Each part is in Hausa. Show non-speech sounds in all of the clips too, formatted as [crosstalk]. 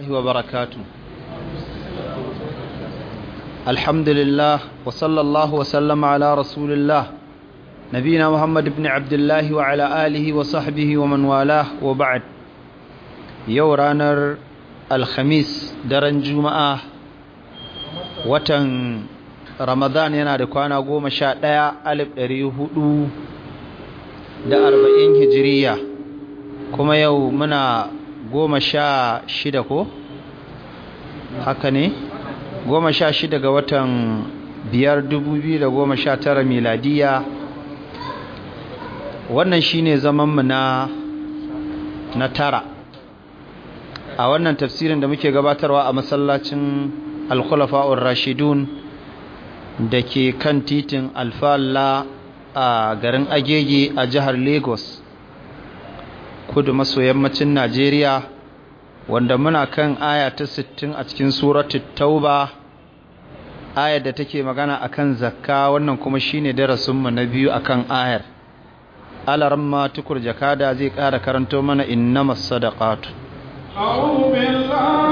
الله وبركاته الحمد لله وصلى الله وسلم على رسول الله نبينا محمد بن عبد الله وعلى آله وصحبه ومن والاه وبعد يورانر الخميس درن جمعة وتن رمضان yana da kwana goma sha ɗaya alif ɗari hudu da arba'in hijiriya kuma yau muna goma sha shida ko haka ne goma sha shida ga watan biyar dubu biyu da goma sha tara miladiya wannan shine zamanmu na na tara a wannan tafsirin da muke gabatarwa a masallacin alkhulafa'ur rashidun da ke kan titin alfalla a garin agege a jihar lagos kudu maso yammacin Najeriya wanda muna kan aya ta sittin a cikin suratul Tauba ayar da take magana akan zakka wannan kuma shine darasin mu na biyu akan ayar ma tukur jakada zai ƙara karanto mana innamas sadaqatu a'udhu billahi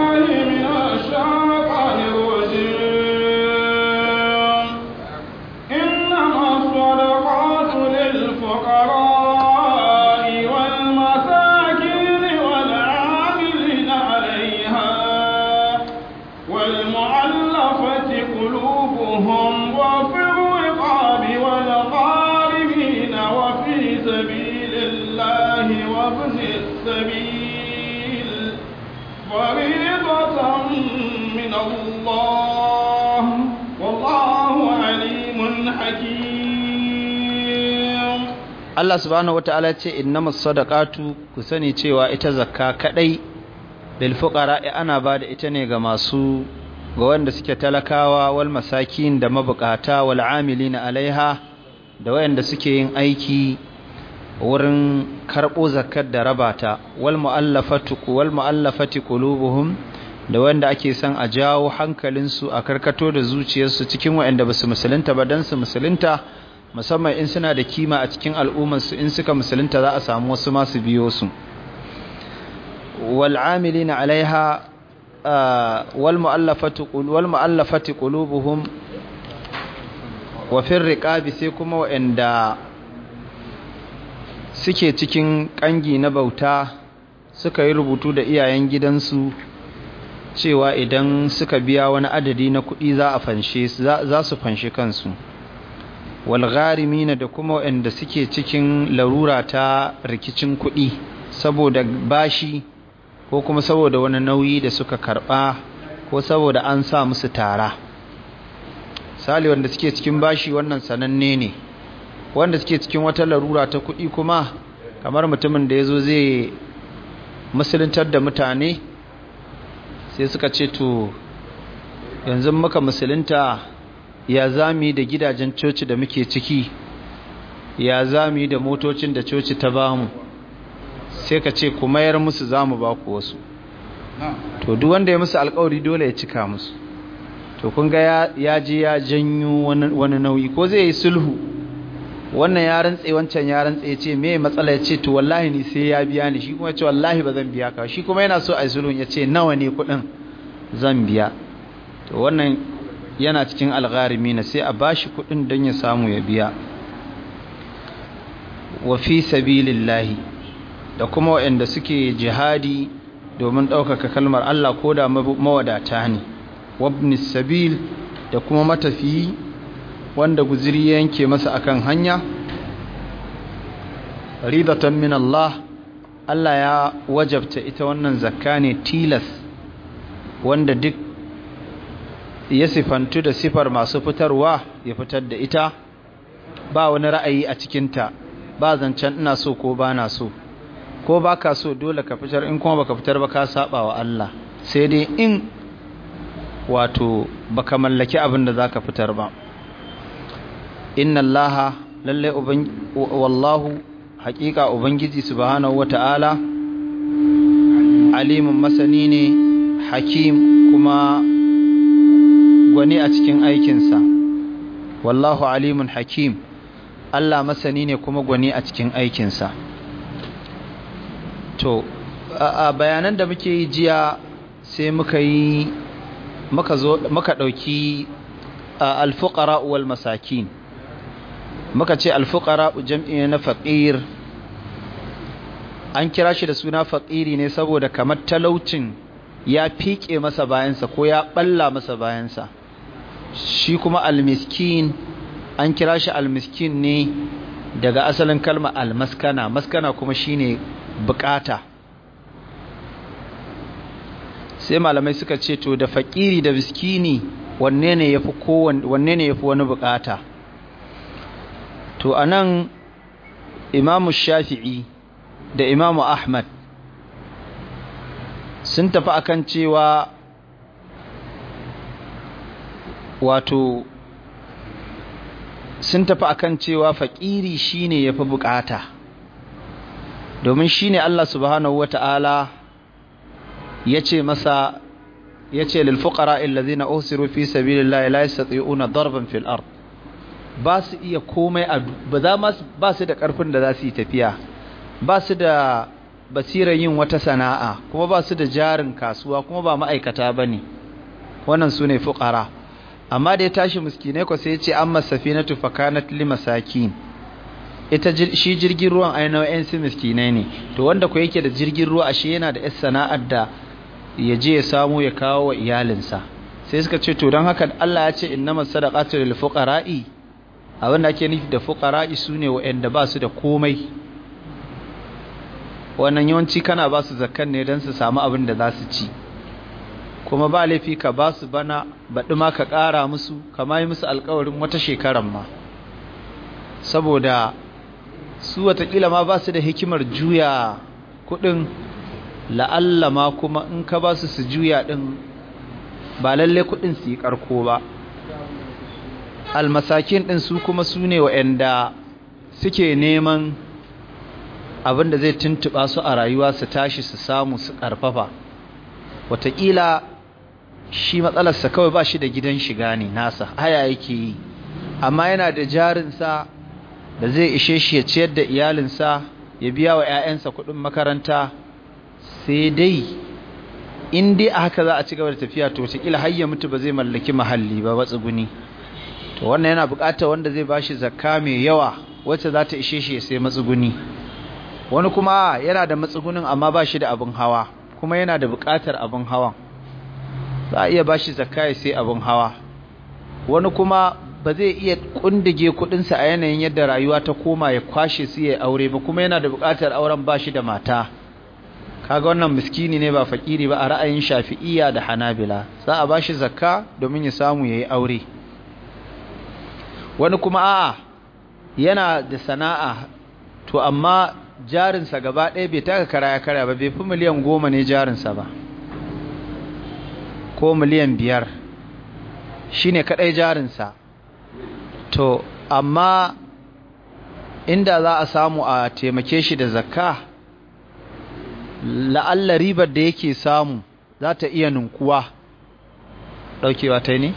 فضلا من الله والله عليم حكيم الله سبحانه وتعالى إنما الصدقات كسني cewa ita zakka kaɗai lil fuqara ana bada ita ne ga masu ga wanda suke talakawa wal masakin da mabukata wal amilina alaiha da wayanda suke yin aiki wurin karɓo zakar da rabata wal mu'allafati qulubuhum da wanda ake son a jawo hankalinsu a karkato da zuciyarsu cikin waɗanda ba su musulunta ba don su musulunta musamman in suna da kima a cikin al'ummarsu in suka musulunta za a samu wasu masu biyo su wal'amili na alaiha walmu'allafati ƙulubuhum wafin riƙabi sai kuma waɗanda suke cikin ƙangi na bauta suka yi rubutu da iyayen gidansu cewa idan suka biya wani adadi na kuɗi za a fanshe za su fanshi kansu na da kuma waɗanda suke cikin larura ta rikicin kuɗi saboda bashi ko kuma saboda wani nauyi da suka karɓa ko saboda an sa musu tara sali wanda suke cikin bashi wannan sananne ne wanda suke cikin wata larura ta kuɗi kuma kamar mutumin da ya zo zai musuluntar da mutane sai suka ce to yanzu muka musulunta ya zami da gidajen coci da muke ciki ya zami da motocin da coci ta bamu sai ka ce ku mayar musu zamu ba ku wasu to duk wanda ya musu alkawari dole ya cika musu to kun ga ya ji ya janyo wani nauyi ko zai yi sulhu wannan ya rantse wancan ya rantse yace ce me matsala ya to wallahi ni sai ya biya ni shi kuma ya wallahi ba zan biya ka shi kuma yana so a zulun sulhun ya nawa ne kuɗin zan biya to wannan yana cikin algharimi na sai a bashi kuɗin don ya samu ya biya wa fi sabilillahi da kuma wanda suke jihadi domin ɗaukaka kalmar Allah ko da mawadata ne wabnis sabil da kuma matafi. wanda guziri ya yanke masa akan hanya ridatan min Allah Allah ya wajabta ita wannan zakka ne tilas wanda duk ya sifantu da sifar masu fitarwa ya fitar da ita ba wani ra'ayi a cikinta ba zancen ina so ko ba na so ko ba ka so dole ka fitar in kuma baka fitar ba ka saba wa Allah sai dai in wato baka mallaki abin da za ka fitar ba inna allaha lalle wallahu haƙiƙa ubangiji subhanahu wata'ala alimin masani ne hakim kuma gwani a cikin aikinsa wallahu alimun hakim allah masani ne kuma gwani a cikin aikinsa to a bayanan da muke yi jiya sai muka yi muka ɗauki alfuƙara wal masakin muka ce alfuqara jam'i na faƙir an kira shi da suna faƙiri ne saboda kamar talaucin ya fiƙe masa bayansa ko ya ɓalla masa bayansa shi kuma almiskin an kira shi almiskin ne daga asalin kalma almaskana maskana kuma shine bukata sai malamai suka ce to da faƙiri da miskini wanne ne ya fi wani bukata to anan imamu shafi'i da imamu ahmad sun tafi akan cewa wato sun tafi akan cewa fakiri shine yafi bukata domin shine Allah subhanahu wata'ala yace masa ce lil fuqara allazina usiru fi sabilillahi la yastati'una darban fil ard ba su iya komai a ba za ma ba su da ƙarfin da za su yi tafiya ba su da basirar yin wata sana'a kuma ba su da jarin kasuwa kuma ba ma'aikata ba ne wannan su ne fukara. amma da ya tashi muskinai ko sai ya ce an masafi na tufaka na limasaki ita shi jirgin ruwan a nau'in su miskinai ne to wanda ku yake da jirgin ruwa shi yana da 'yar sana'ar da ya je ya samu ya kawo wa iyalinsa sai suka ce to don haka Allah ya ce masu da lil fukara'i abin da ake nufi da fuqara'i sune waɗanda ba su da komai wannan yawanci kana ba su zakkan ne don su samu abin da za su ci kuma ba laifi ka ba su bana baɗi ma ka ƙara musu kama yi musu alkawarin wata shekaran ma saboda su watakila ma ba su da hikimar juya kuɗin la'alla kuma in ka ba su su juya ɗin ba lalle kuɗin su yi ƙarko ba almasakin ɗin su kuma su ne wa'anda suke neman abin da zai tuntuɓa su a rayuwa su tashi su samu su ƙarfafa wataƙila shi matsalarsa kawai ba shi da gidan shiga ne nasa haya yake yi amma yana da jarinsa da zai ishe shi ya ciyar da iyalinsa ya biya wa 'ya'yansa kuɗin makaranta sai dai in dai a haka za a ci gaba da tafiya to wataƙila har ya mutu ba zai mallaki mahalli ba matsuguni. to wannan yana buƙatar wanda zai bashi zakka mai yawa wacce za ta ishe shi ya sai matsuguni wani kuma yana da matsugunin amma bashi da abin hawa kuma yana da buƙatar abin hawan za a iya bashi zakka ya sai abin hawa wani kuma ba zai iya kundige kuɗinsa a yanayin yadda rayuwa ta koma ya kwashe su ya aure ba kuma yana da buƙatar auren bashi da mata kaga wannan miskini ne ba fakiri ba a ra'ayin shafi'iyya da hanabila za a bashi zakka domin ya samu ya yi aure wani kuma a'a yana da sana'a to amma jarinsa gaba ɗaya bai taka karaya karaya ba bai fi miliyan goma ne jarinsa ba ko miliyan biyar shi ne kaɗai jarinsa to amma inda za a samu a taimake shi da zakka la'alla ribar da yake samu za ta iya ninkuwa ɗaukewa ta ne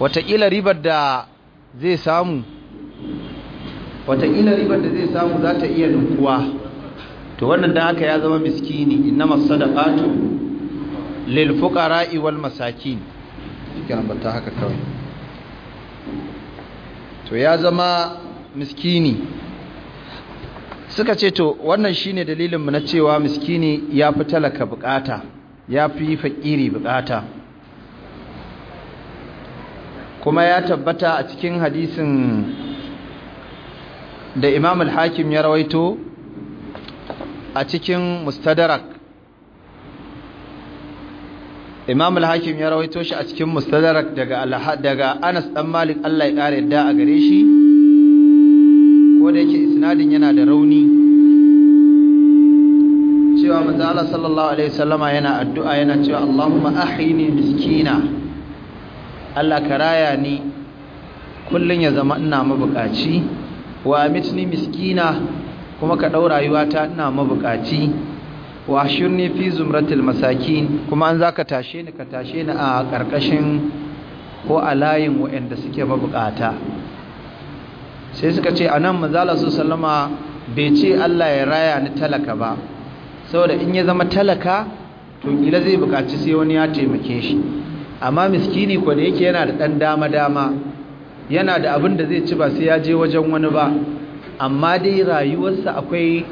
Watakila ribar da zai samu watakila ribar da zai samu za ta iya nukuwa to wannan da haka ya zama miskini innama sadaqatu lil fuqara'i wal masakin kiran bata haka kawai to ya zama miskini suka ce to wannan shine ne dalilinmu na cewa miskini ya fi talaka bukata ya fi fakiri bukata kuma ya tabbata a cikin hadisin da imam al-hakim ya rawaito a cikin mustadarak imam al-hakim ya rawaito shi a cikin mustadarak daga daga anas dan malik Allah ya kare yadda a gare shi ko da yake isnadin yana da rauni cewa manzo Allah sallallahu alaihi wasallama yana addu'a yana cewa Allahumma ahini miskina Allah ka raya ni kullun ya zama ina mabukaci wa mitni miskina kuma ka ɗau ta ina mabukaci wa shirni fi zumratil masakin kuma an zaka tashe ni ka tashe ni a ƙarƙashin ko a layin waɗanda suke mabukata sai suka ce anan manzala su sallama bai ce Allah ya raya ni talaka ba saboda in ya zama talaka to kila zai bukaci sai wani ya taimake shi amma miskini ko da yake yana da ɗan dama-dama yana da abin da zai ci ba sai ya je wajen wani ba amma dai rayuwarsa akwai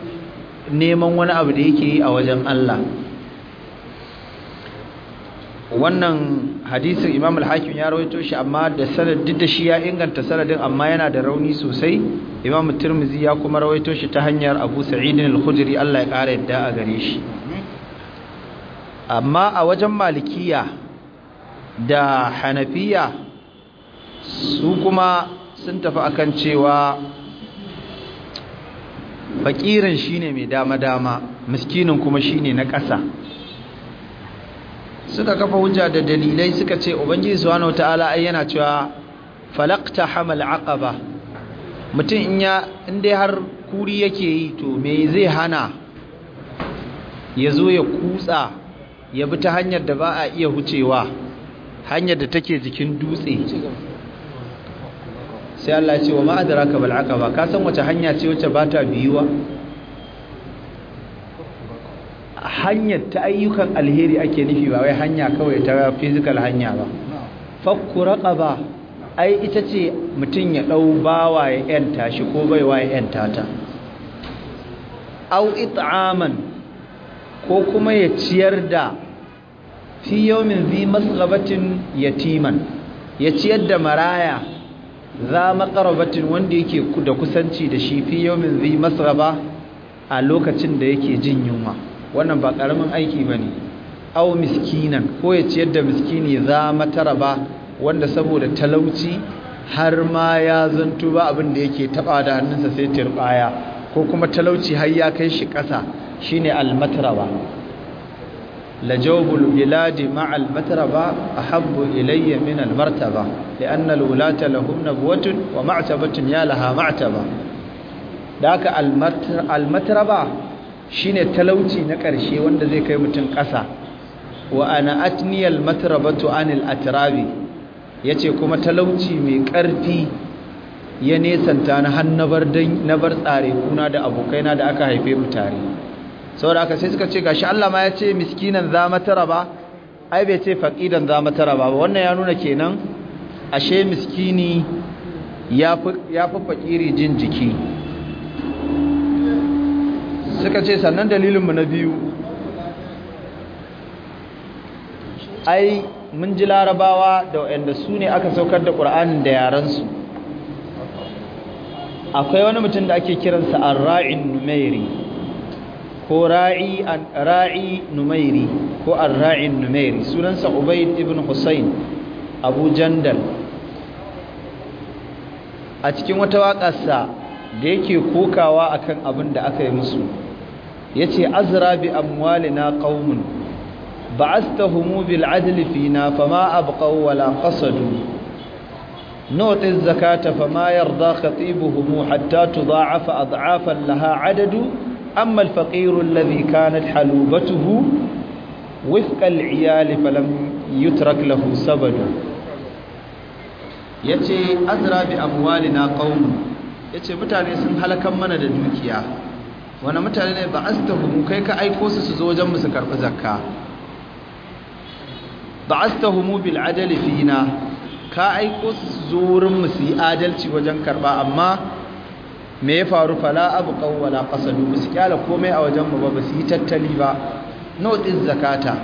neman wani abu da yake yi a wajen Allah wannan hadisin imam al-hakim ya rawaito shi amma da sanad da shi ya inganta sanadin amma yana da rauni sosai imam tirmizi ya kuma rawaito shi ta hanyar abu sa'id al-khudri Allah ya kara yadda a gare shi amma a wajen malikiya da hanafiya su kuma sun tafi akan cewa fakirin shine mai dama-dama miskinin kuma shine na ƙasa suka kafa hujja da dalilai suka ce ubangiji subhanahu ta'ala ai yana cewa falaqta hamal aqaba mutum in ya in dai har kuri yake yi to me zai hana ya zo ya kutsa ya bi ta hanyar da ba a iya hucewa hanyar da take jikin dutse sai Allah ce wa ma'adara ka bal ba ka san wace hanya ce wacce ba ta biyuwa hanyar ta ayyukan alheri ake nufi ba wai hanya kawai ta physical hanya ba fakku raqaba ai ita ce mutum ya dau bawa ya yanta shi ko baiwa ya yanta ta au it'aman ko kuma ya ciyar da fi yawmin zi masghabatin yatiman ya ciyar da maraya za maqrabatin wanda yake da kusanci da shi fi yawmin zi matsalaba a lokacin da yake jin yunwa wannan ba karamin aiki ba ne, au miskinan ko ya ciyar da miskini za mataraba wanda saboda talauci har ma ya zantu ba abin da yake taɓa da hannunsa sai tirbaya ko kuma talauci har ya kai shi ƙasa shine almatraba لجوب البلاد مع المتربة أحب إلي من المرتبة لأن الولاة لهم نبوة ومعتبة يا لها معتبة ذاك المتربة شين تلوتي نكر شي وند زي كي متن قسا وأنا أتني المتربة عن الأترابي yace kuma talauci mai ƙarfi ya nesanta na har na bar tsare kuna da abokaina da aka haife mu tare saboda aka sai suka ce gashi Allah ma ya ce miskinan za matara ba ai bai ce faqidan za matara ba wannan ya nuna kenan ashe miskini ya fi ya fakiri jin jiki suka ce sannan dalilin mu na biyu ai mun ji larabawa da wanda su ne aka saukar da qur'anin da yaran su akwai wani mutum da ake kiransa ar-ra'in numairi ko ra'i numairi ko ar numairi sunansa ubaid ibn husayn abu jandal a cikin wata waƙarsa da yake kokawa akan abin da aka yi musu yace azra bi amwalina qaumun ba'astahumu bil adli fina fama abqaw wala qasadu نعطي الزكاة فما yarda خطيبهم حتى تضاعف أضعافا لها عدد أما الفقير الذي كانت حلوبته وفق العيال فلم يترك له سبب yace azra bi amwalina qaum yace mutane sun halakan mana da dukiya wani mutane ne ba astahum kai ka aiko su su zo wajen mu su karbi zakka ba astahum bil adali fina ka aiko su zo wurin mu su yi adalci wajen karba amma me ya faru fala abu kawwala qasadu su kyala komai a wajen mu ba su yi tattali ba no din zakata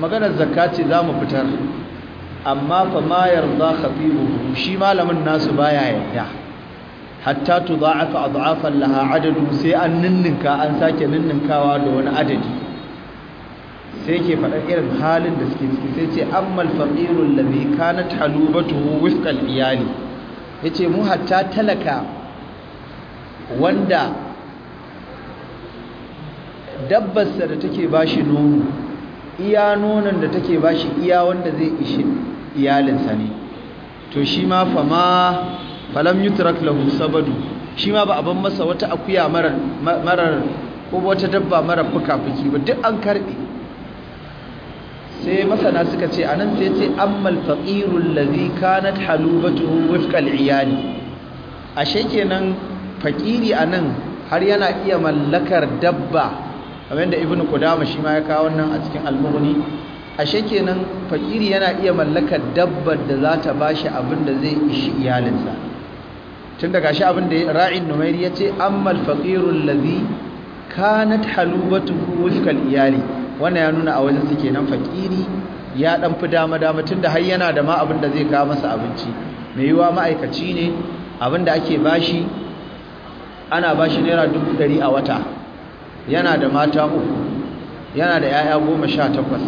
maganar zakati zamu fitar amma fa ma yarda khatibu shi malamin nasu baya yarda hatta tudha'afa adhafan laha adadu sai an ninninka an sake ninninkawa da wani adadi sai ke faɗa irin halin da suke ciki sai ce ammal faqirul ladhi kanat halubatu wifqal iyali yace mu hatta talaka wanda dabbarsa da take bashi nono iya nonon da take bashi iya wanda zai ishi iyalinsa ne to shi ma fama falam yutrak lahu sabadu shi ma ba masa wata akuya marar ko wata dabba marar fuka-fuki ba duk an karbe sai masana suka ce anan sai ce ammal faqirul ladhi kanat halubatu wifqal iyali ashe kenan fakiri a nan har yana iya mallakar dabba kamar da ibn kudama shi ma ya kawo wannan a cikin A ashe kenan fakiri yana iya mallakar dabbar da za ta bashi abin da zai ishi iyalinsa tun daga shi abin da ra'in numairi ya ce ammal faqirul ladhi kanat halubatu wuskal iyali wannan ya nuna a wajen su kenan fakiri ya dan fi dama dama tunda har yana da ma abin da zai kawo masa abinci mai yiwa ma'aikaci ne abin da ake bashi ana ba shi naira dubu ɗari a wata yana da mata uku yana da 'ya'ya goma sha takwas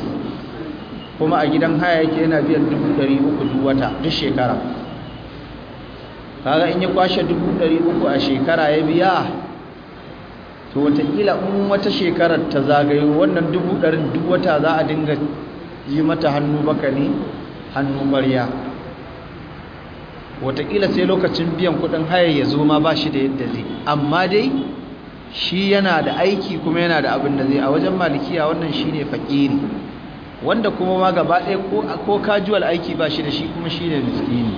kuma a gidan haya yake yana biyan dubu ɗari uku duk wata duk shekara kaga in ya kwashe dubu ɗari uku a shekara ya biya to watakila in wata shekarar ta zagayo wannan dubu ɗarin duk wata za a dinga yi mata hannu baka ne hannu marya Wataƙila sai lokacin biyan kuɗin haya ya zo ma ba shi da yadda zai amma dai shi yana da aiki kuma yana da abin da zai a wajen malikiya wannan shi ne fakiri wanda kuma ma gaba ɗaya ko kajuwal aiki ba shi da shi kuma shi ne miskini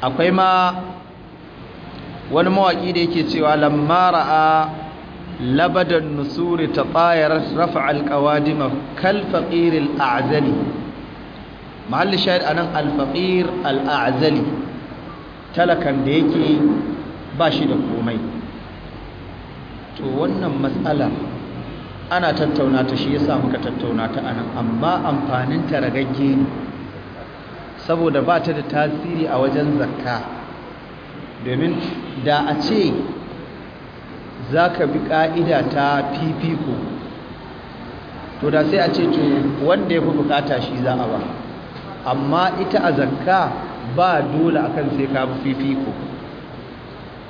akwai ma wani mawaƙi da yake cewa lammara a labadan nusuri ta tsayar rafa alƙawadima kal faƙirin a'azali mahallin shahid anan al al'azali talakan da yake ba shi da komai to wannan matsala ana tattauna ta shi yasa muka tattauna ta anan amma amfanin ta ragagge ne saboda ba ta da tasiri a wajen zakka domin da a ce za ka bi ƙa'ida ta fifiko to da sai a ce to wanda ya fi bukata shi za a ba amma ita a zakka ba dole akan sai ka fifiko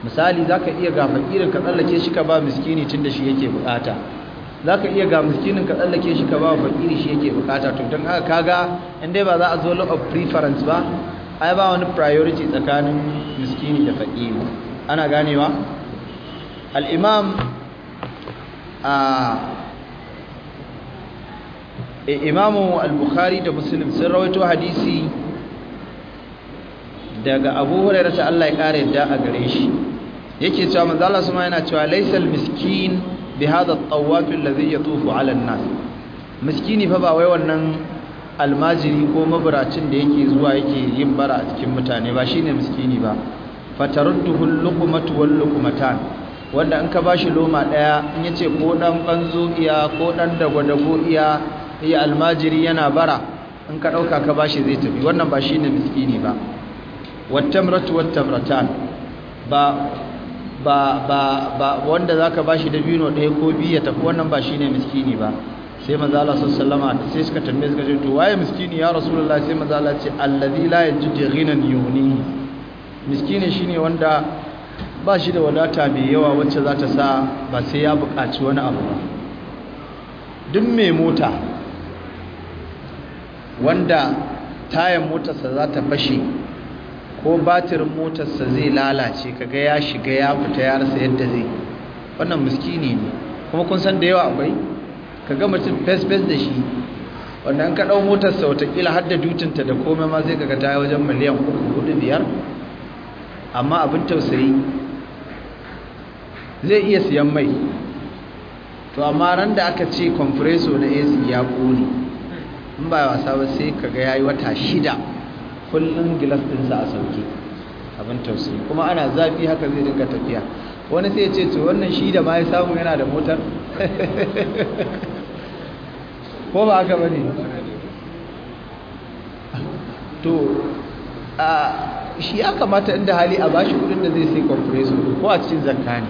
misali zaka iya ga fakirin ka tsallake shi ka ba miskini tun da shi yake bukata zaka iya ga miskinin ka tsallake shi ka ba fakiri shi yake bukata to dan haka kaga in dai ba za a zo law of preference ba ai ba wani priority tsakanin miskini da fakiri ana ganewa al-imam a ah, Eh, imamu al-bukhari da muslim sun rawaito hadisi daga abu hurairah ta Allah ya kare yadda a gare shi yake cewa manzo Allah suma yana cewa laysal miskin bi hada at-tawaf alladhi yatufu 'ala an-nas miskini fa ba wai wannan almajiri ko mabaracin da yake zuwa yake yin bara a cikin mutane ba shine miskini ba fatarudduhu al-luqmatu wal-luqmatan wanda in ka bashi loma daya in yace ko dan banzo iya ko dan dagwadago iya yi almajiri yana bara in ka ɗauka ka bashi zai tafi wannan ba shine miskini ba wattamratu wattamratan ba ba ba ba wanda zaka bashi dabino ɗaya ko biyu ya tafi wannan ba shine miskini ba sai manzo Allah sallallahu alaihi sai suka tambaye suka ce to waye miskini ya rasulullahi sai manzo Allah ce allazi la yajidu ghinan yughnihi miskini shine wanda ba shi da wadata mai yawa wacce za ta sa ba sai ya buƙaci wani abu ba duk mai mota wanda tayan motarsa za ta fashe ko batirin motarsa zai lalace kaga ya shiga ya fita ya rasa yadda zai wannan miskini ne kuma kun san da yawa akwai kaga mutum fes-fes da shi wannan ka ɗau motarsa watakila har da dutinta da komai ma zai kaga ta wajen miliyan uku hudu biyar amma abin tausayi zai iya siyan mai to amma ran da aka ce kwamfureso na ac ya ƙone in ba wasa ba sai kaga yayi wata shida kullun gilas din sa a sauke abin tausayi kuma ana zafi haka zai dinga tafiya wani sai ya ce to wannan shi da ma ya samu yana da motar [laughs] ko ba haka ba ne to a shi ya kamata inda hali a bashi kudin da zai sai compressor ko a cikin zakka ne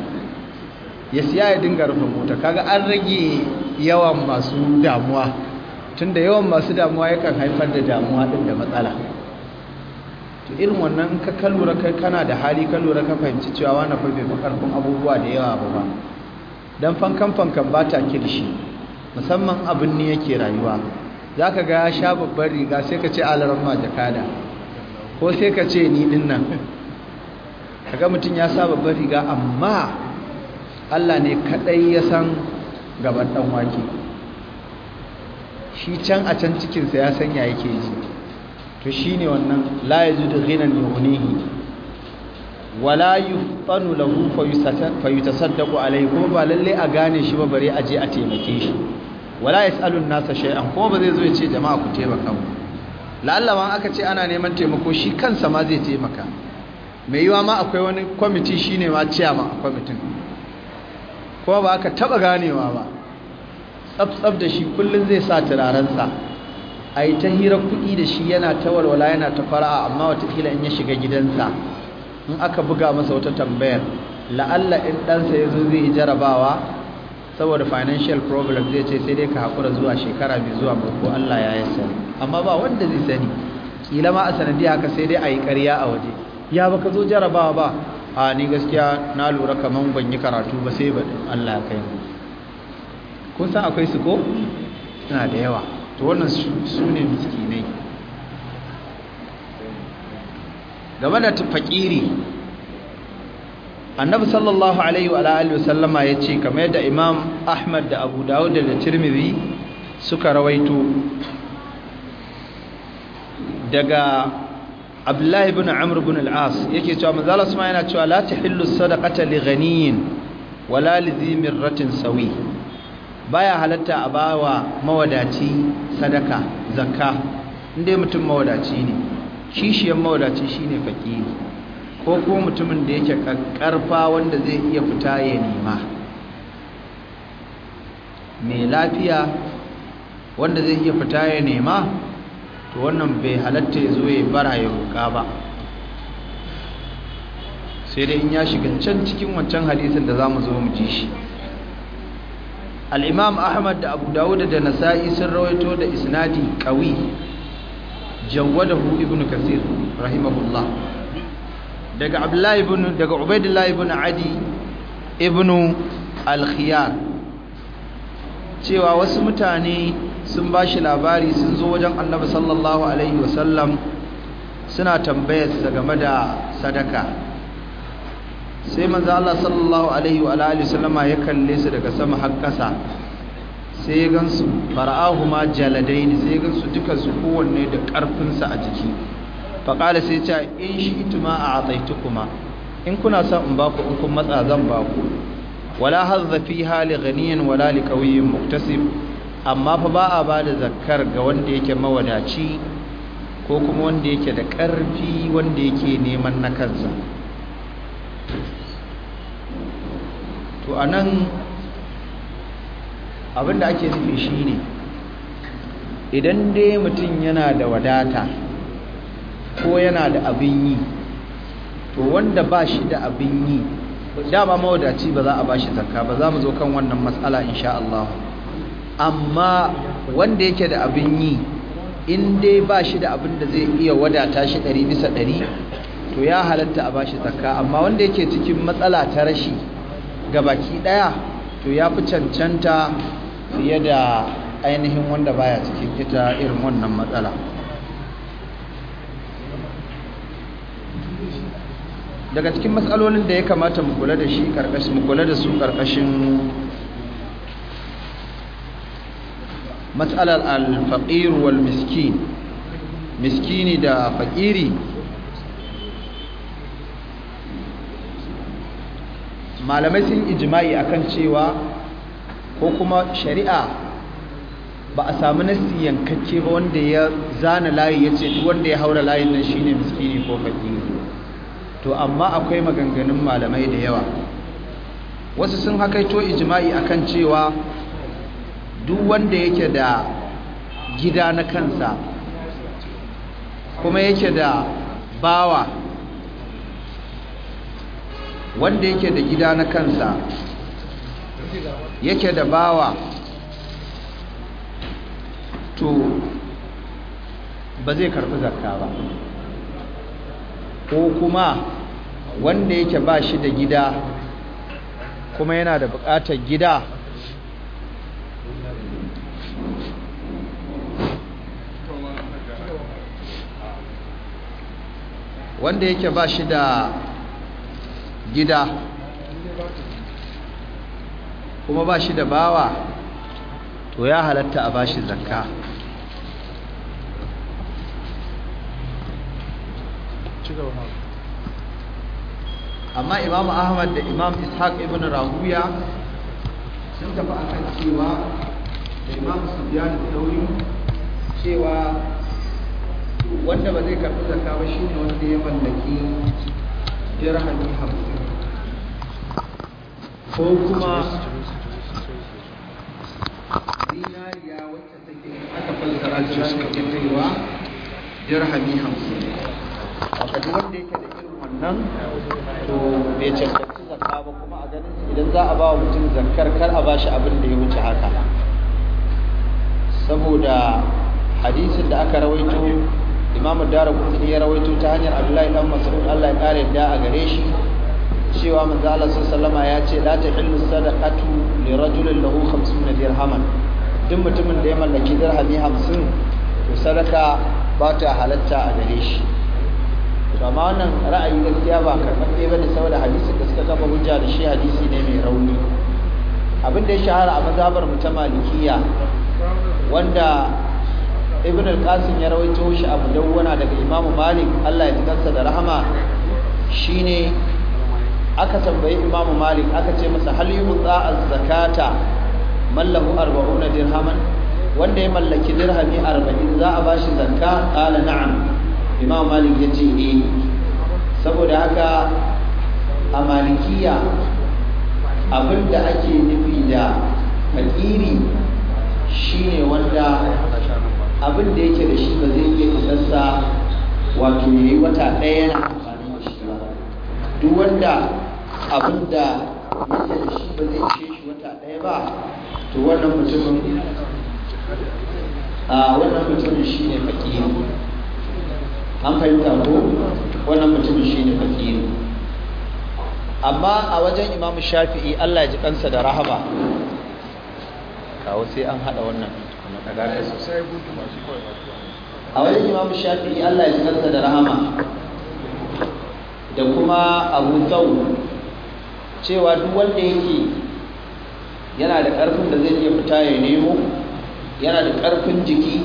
ya siya ya dinga rufe mota kaga an rage yawan masu damuwa tunda yawan masu damuwa yakan haifar da damuwa ɗin da matsala to irin wannan ka kalura kai kana da hali ka lura ka fahimci cewa wani fa bai fi abubuwa da yawa ba ba dan fankan fankan ba ta kirshi musamman abin ne yake rayuwa za ka ga ya sha babban riga sai ka ce alaran majakada ko sai ka ce ni din nan kaga mutum ya sa babbar riga amma allah ne kaɗai ya san gaban ɗan wake shi can a can cikinsa ya sanya yake ji to shi ne wannan la ya da ghinan yuhunihi wala yuftanu lahu fa yutasaddaqu alai. kuma ba lalle a gane shi ba bare a je a taimake shi wala yi an-nasa shay'an kuma ba zai zo ya ce jama'a ku taimaka mu la'alla aka ce ana neman taimako shi kansa ma zai taimaka mai yiwa ma akwai wani kwamiti ne ma ciyama a kwamitin kuma ba aka taba ganewa ba tsaf da shi kullum zai sa turarensa a yi ta hira kuɗi da shi yana ta walwala yana ta fara'a amma watakila in ya shiga gidansa in aka buga masa wata tambayar la'alla in ɗansa ya zo zai yi jarabawa saboda financial problem zai ce sai dai ka haƙura zuwa shekara mai zuwa mai ko Allah ya yi sani amma ba wanda zai sani kila ma a sanadi haka sai dai a yi ƙarya a waje ya baka zo jarabawa ba a ni gaskiya na lura kaman ban yi karatu ba sai ba Allah ya kai mu kun san akwai su ko suna da yawa to wannan su ne miskinai game da fakiri annabi sallallahu alaihi wa alihi yace kamar yadda imam ahmad da abu dawud da tirmidhi suka rawaito daga abdullahi ibn amr ibn al-as yake cewa manzo Allah yana cewa la tahillu sadaqata li ghaniyin wala li ratin sawi baya halatta a bawa mawadaci sadaka zakka inda mutum mawadaci ne kishiyan mawadaci shine fakiri ko ko mutumin da yake karfa wanda zai iya fita ya nema mai lafiya wanda zai iya fita ya nema to wannan bai halatta ya zo ya bara ya roƙa ba sai dai in ya shiga can cikin wancan hadisin da za mu zo mu ji shi al'imam ahmad da abu dawud da nasa'i sun rawaito da isnadi ƙawi jawadahu ibn kasir rahimahullah daga abdullahi ibn daga ubaidullahi ibn adi ibn al-khiyar cewa wasu mutane sun ba shi labari sun zo wajen annabi sallallahu alaihi wasallam suna tambayarsa game da sadaka sai manzo Allah sallallahu alaihi wa alihi sallama ya kalle su daga sama har kasa sai ya gansu fara'ahuma jaladain sai ya gansu duka su kowanne da karfin sa a jiki fa qala sai ya ce in shi'tuma a'taitukuma in kuna son in baku in kun matsa zan baku wala hazza fiha li ghaniyin wala li qawiyyin muktasib amma fa ba a bada zakkar ga wanda yake mawadaci ko kuma wanda yake da ƙarfi wanda yake neman na kansa to a nan abinda ake nufi shi ne idan dai mutum yana da wadata ko yana da abin yi to wanda ba shi da abin yi dama mawadaci ba za a ba shi zakka ba za mu zo kan wannan matsala insha Allah amma wanda yake da abin yi in dai ba shi da abin da zai iya wadata shi ɗari bisa ɗari to ya halatta a ba shi zakka amma wanda yake cikin matsala ta rashi Ga baki daya to ya fi cancanta fiye da ainihin wanda baya cikin ita irin wannan matsala daga cikin matsalolin da ya kamata mu kula da shi karkashin mu da su karkashin matsalar al-faqir wal miskin miskini da faqiri malamai sun ijma'i akan cewa ko kuma shari'a ba a samu nasi yankacce ba wanda ya zana layi ya ce wanda ya haura layin nan shine miskini ko fakiri to amma akwai maganganun malamai da yawa wasu sun hakaito ijma'i akan cewa duk wanda yake da gida na kansa kuma yake da bawa wanda yake da gida na kansa yake da bawa to ba zai karfi zakka ba ko kuma wanda yake ba shi da gida kuma yana da bukatar gida wanda yake ba shi da gida kuma ba shi da bawa to ya halatta a bashi zakka amma imam ahmad da imam ishaq ibn rahuya sun tafi akan cewa da imam sufyan tauri cewa wanda ba zai karɓi zakka ba shine wanda ya mallaki dirhami hamsin. ko kuma zinariya wacce take aka fassara jirgin kaiwa dirhami hamsin a wanda yake da irin wannan to bai cancanci zakka ba kuma a ganin idan za a ba wa mutum zakkar kar a bashi abin da ya wuce haka saboda hadisin da aka rawaito imamu dara ya rawaito ta hanyar abdullahi dan mas'ud Allah ya kare da a gare shi cewa manzo Allah sallama ya ce la tahillu sadaqatu li rajulin lahu 50 dirhaman duk mutumin da ya mallaki dirhami 50 to sadaka ba ta halatta a gare shi amma wannan ra'ayi gaskiya ba karɓaɓɓe ba ne saboda hadisin da suka kafa hujja da shi hadisi ne mai rauni abin da ya shahara a mazhabar mu ta malikiya wanda ibn al-qasim ya rawaito shi abu dawwana daga imamu malik Allah ya ji da rahama shine aka tambayi imamu malik aka ce masa hal yubza a zakata mallahu na dirhaman wanda ya mallaki dirhami arba'in za a bashi zakka qala na'am imamu malik yace ne eh. saboda haka a malikiya abinda ake nufi da fakiri shine wanda abin da yake da shi ba zai iya isassa wato yayi wata ɗaya na amfani da shi ba duk wanda abinda yake da shi ba zai ce shi wata ɗaya ba to wannan mutumin a wannan mutumin shi ne fakiri an fahimta ko wannan mutumin shi ne fakiri amma a wajen imamu shafi'i allah ya ji kansa da rahama kawo sai an haɗa wannan a wajen imamu shafi'i allah ya ji kansa da rahama da kuma abu zau cewa duk wanda yake yana da ƙarfin da zai iya fita ya nemo yana da ƙarfin jiki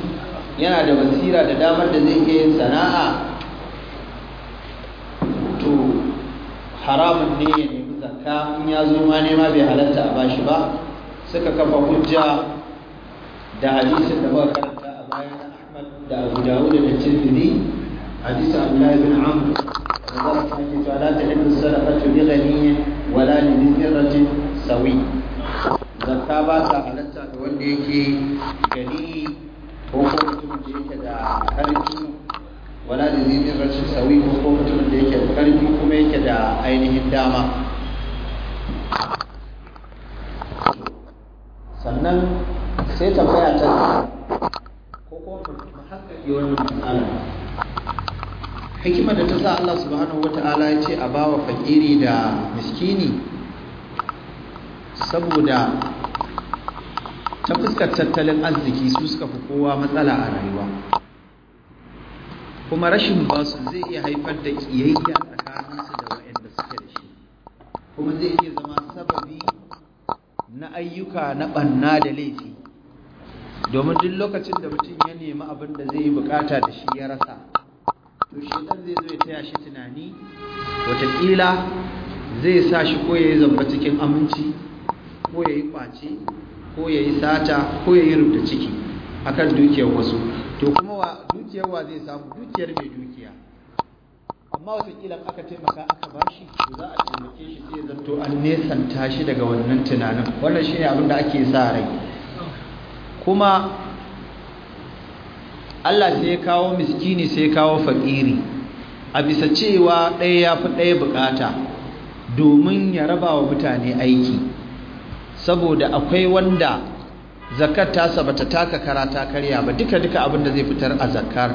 yana da basira da damar da zai iya yin sana'a to haramun ne ya nemi zakka in ya zo ma nema bai halatta a bashi ba suka kafa hujja da hadisin da ba karanta a bayan Ahmad da Abu Dawud da Tirmidhi hadisi Abdullah ibn Amr da zaka ta la ta'lamu sadaqatu bi ghaniyin wala ni min sawi zakka ba ta halatta da wanda yake gani ko ko mutum da yake da karfi wala da min sawi ko ko mutum da yake da karfi kuma yake da ainihin dama sannan sai tambaya ta ko ko mutum haka ke wannan matsalar hikimar da ta sa Allah subhanahu wata'ala ya ce a bawa fakiri da miskini saboda ta fuskar tattalin arziki su suka fi kowa matsala a rayuwa kuma rashin basu zai iya haifar da kiyayya tsakaninsu da waɗanda suke da shi kuma zai iya zama sababi na ayyuka na ɓanna da laifi domin duk lokacin da mutum ya nemi abin da zai yi bukata da shi ya rasa to shedan zai zo ya taya shi tunani watakila zai sa shi ko ya yi zamba cikin aminci ko ya yi kwace ko ya yi sata ko ya yi rubuta ciki akan dukiyar wasu to kuma wa dukiyar wa zai samu dukiyar mai dukiya amma watakila aka taimaka aka bashi to za a taimake shi zai zanto an nesanta shi daga wannan tunanin wannan shine abin da ake sa rai kuma Allah sai ya kawo miskini sai ya kawo fakiri a bisa cewa ɗaya ya fi ɗaya bukata domin ya raba wa mutane aiki saboda akwai wanda zakar tasa bata taka karata karya ba duka duka abin da zai fitar a zakar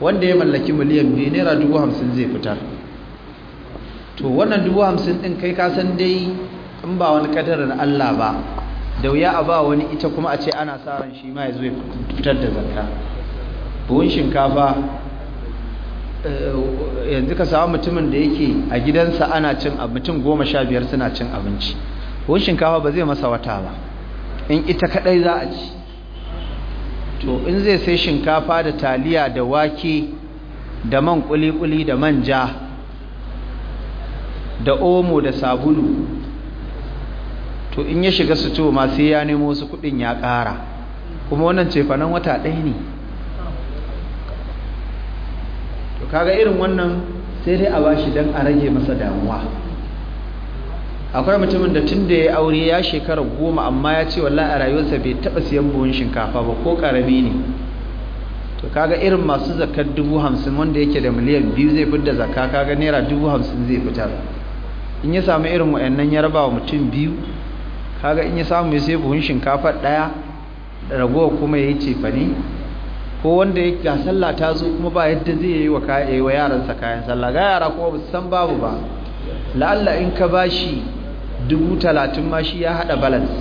wanda ya mallaki miliyan biyu naira dubu hamsin zai fitar to wannan dubu hamsin ɗin kai kasan dai in ba wani kadarin Allah ba da wuya a ba wani ita kuma a ce ana sa ran shi ma ya zo ya fitar da zakar. buhun shinkafa eh, yanzu ka samu mutumin da yake a gidansa ana cin mutum goma sha biyar suna cin abinci buhun shinkafa ba zai masa wata ba in ita kadai za a ci to in zai sai shinkafa da taliya da wake da man kuli-kuli da ja da omo da sabulu to in ya shiga su ma sai ya nemo su kudin ya kara kuma wannan cefanen wata ɗaya ne kaga irin wannan sai dai a bashi dan a rage masa damuwa akwai mutumin da tunda da ya aure ya shekara goma amma ya ce wallahi a rayuwarsa bai taɓa siyan buhun shinkafa ba ko ƙarami ne to kaga irin masu zakar dubu hamsin wanda yake da miliyan biyu zai fi da zakka kaga naira dubu hamsin zai fitar in ya samu irin wa'annan ya raba wa mutum biyu kaga in ya samu ya sai buhun shinkafa ɗaya ragowar kuma ya yi cefane ko wanda ya ga sallah ta zo kuma ba yadda zai yi wa wa yaransa kayan sallah ga yara kuma ba san babu ba la'alla in ka bashi dubu talatin ma shi ya hada balance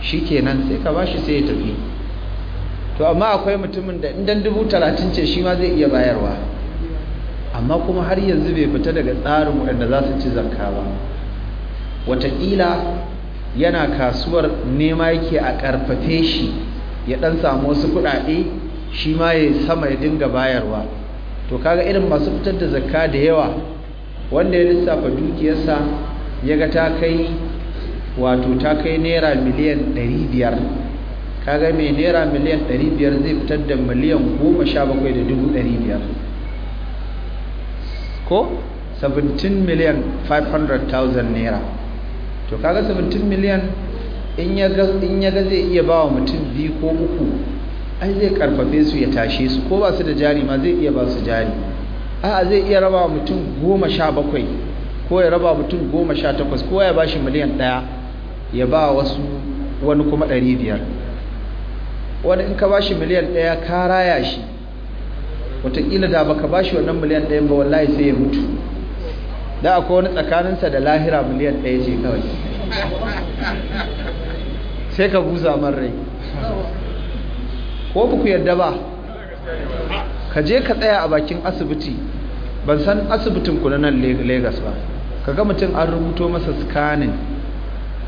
shi kenan sai ka bashi sai ya tafi to amma akwai mutumin da indan dubu talatin ce shi ma zai iya bayarwa amma kuma har yanzu bai fita daga tsarin waɗanda za su ci zakka ba wataƙila yana kasuwar nema yake a ƙarfafe shi ya dan samu wasu kudade shi ma ya sama ya dinga bayarwa to kaga irin masu fitar da zakka da yawa wanda ya lissafa dukiyarsa ya ga ta kai wato ta kai naira miliyan 500 kaga mai naira miliyan 500 zai fitar da miliyan 17,500 ko 17 miliyan 500,000 naira to kaga 17 miliyan in ya ga zai iya ba wa mutum biyu ko uku ai zai karfafe su ya tashe su ko ba su da jari ma zai iya ba su jari a zai iya raba wa mutum goma sha bakwai ko ya raba mutum goma sha takwas ko ya ba shi miliyan ɗaya ya ba wasu wani kuma ɗari biyar wani in ka ba shi miliyan ɗaya ka raya shi wataƙila da baka ba shi wannan miliyan ɗayan ba wallahi sai ya mutu da akwai wani tsakaninsa da lahira miliyan ɗaya ce kawai sai ka busa man rai ko buku yarda ba ka je ka tsaya a bakin asibiti ban san asibitin ku na nan Legas ba ka ga mutum an rubuto masa scanning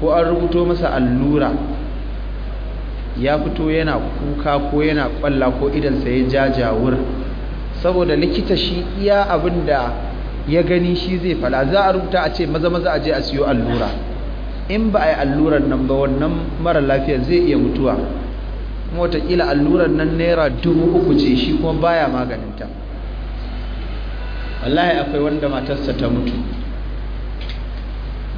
ko an rubuto masa allura ya fito yana kuka ko yana kwalla ko idansa ya jajawur saboda likita shi iya abin ya gani shi zai fada za a rubuta a ce maza maza a je a siyo allura in ba a yi allurar nan ba wannan mara lafiya zai iya mutuwa kuma watakila allurar nan naira dubu uku ce shi kuma baya maganinta wallahi akwai wanda matarsa ta mutu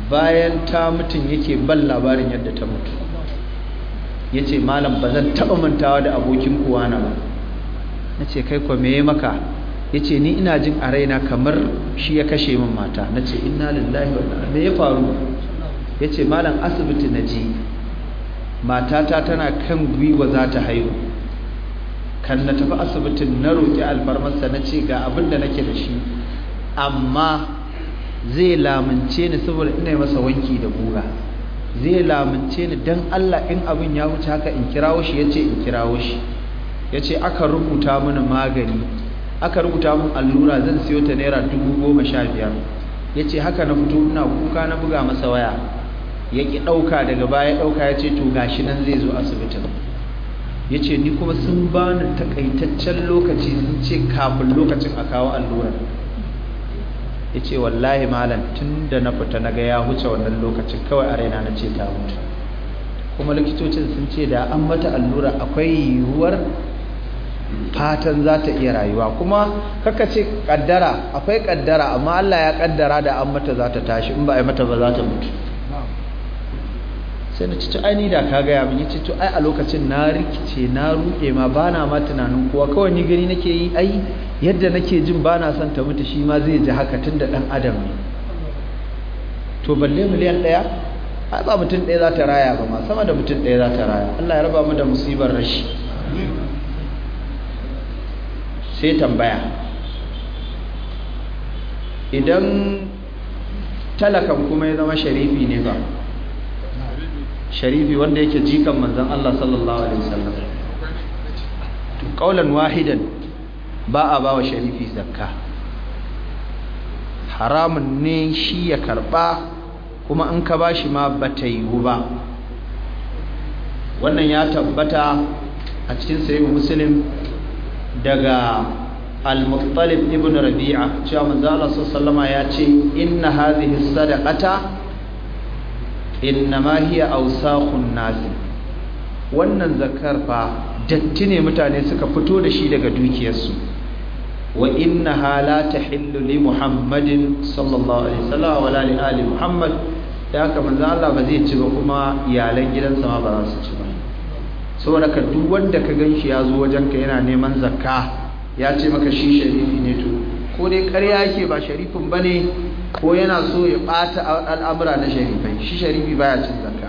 bayan ta mutum yake ban labarin yadda ta mutu ya ce malam ba zan taɓa mantawa da abokin uwana ba na ce kai kwa meye maka ya ce ni ina jin a raina kamar shi ya kashe min mata na ce inna lullahi wa me ya faru ya ce malam asibiti na ji matata tana kan gwiwa za ta haihu kan na tafi asibitin na roƙi alfarmarsa na ce ga abin da nake da shi amma zai lamunce ni saboda ina masa wanki da gura zai lamunce ni don allah in abin ya wuce haka in kirawo shi ya ce in kirawo shi ya ce aka rubuta mini magani aka rubuta min allura zan siyo ta naira dubu goma sha biyar ya ce haka na fito ina kuka na buga masa waya ya ki ɗauka daga baya ɗauka ya ce to gashi nan zai zo asibitin ya ce ni kuma sun ba ni takaitaccen lokaci sun ce kafin lokacin a kawo allurar ya ce wallahi malam tun da na fita na ga ya huce wannan lokacin kawai a raina na ce ta mutu kuma likitocin sun ce da an mata allura akwai yiwuwar fatan za ta iya rayuwa kuma kaka ce kaddara akwai kaddara amma Allah ya kaddara da an mata za ta tashi in ba a yi mata ba za ta mutu sai na cici ai ni da ka gaya min yace to ai a lokacin na rikice na ruɗe ma bana ma tunanin kowa kawai ni gani nake yi ai yadda nake jin bana son ta mutu shi ma zai ji haka tunda dan adam ne to balle miliyan ɗaya ai ba mutum ɗaya za ta raya ba ma sama da mutum ɗaya za ta raya Allah ya raba mu da musibar rashi sai tambaya idan talakan kuma ya zama sharifi ne ba sharifi wanda yake jikan manzan Allah sallallahu alaihi wasallam to wahidan ba a bawa sharifi zakka haramun ne shi ya karba kuma an ka bashi ma bata yiwu ba wannan ya tabbata a cikin sahih muslim daga al-muttalib ibn rabi'a cewa manzo Allah sallallahu alaihi wasallama ya ce inna hadhihi sadaqata inna hiya awsakhun nas wannan zakar fa datti ne mutane suka fito da shi daga dukiyarsu wa innaha la tahillu li muhammadin sallallahu alaihi wasallam wa li ali muhammad da haka manzo Allah ba zai ci ba kuma iyalan gidansa ma ba za su ci ba saboda ka duk wanda ka ganshi ya zo wajenka yana neman zakka ya ce maka shi sharifi ne to ko dai ƙarya yake ba sharifin ba ne ko yana so ya ɓata al'amura na sharifai shi sharifi baya cin zaka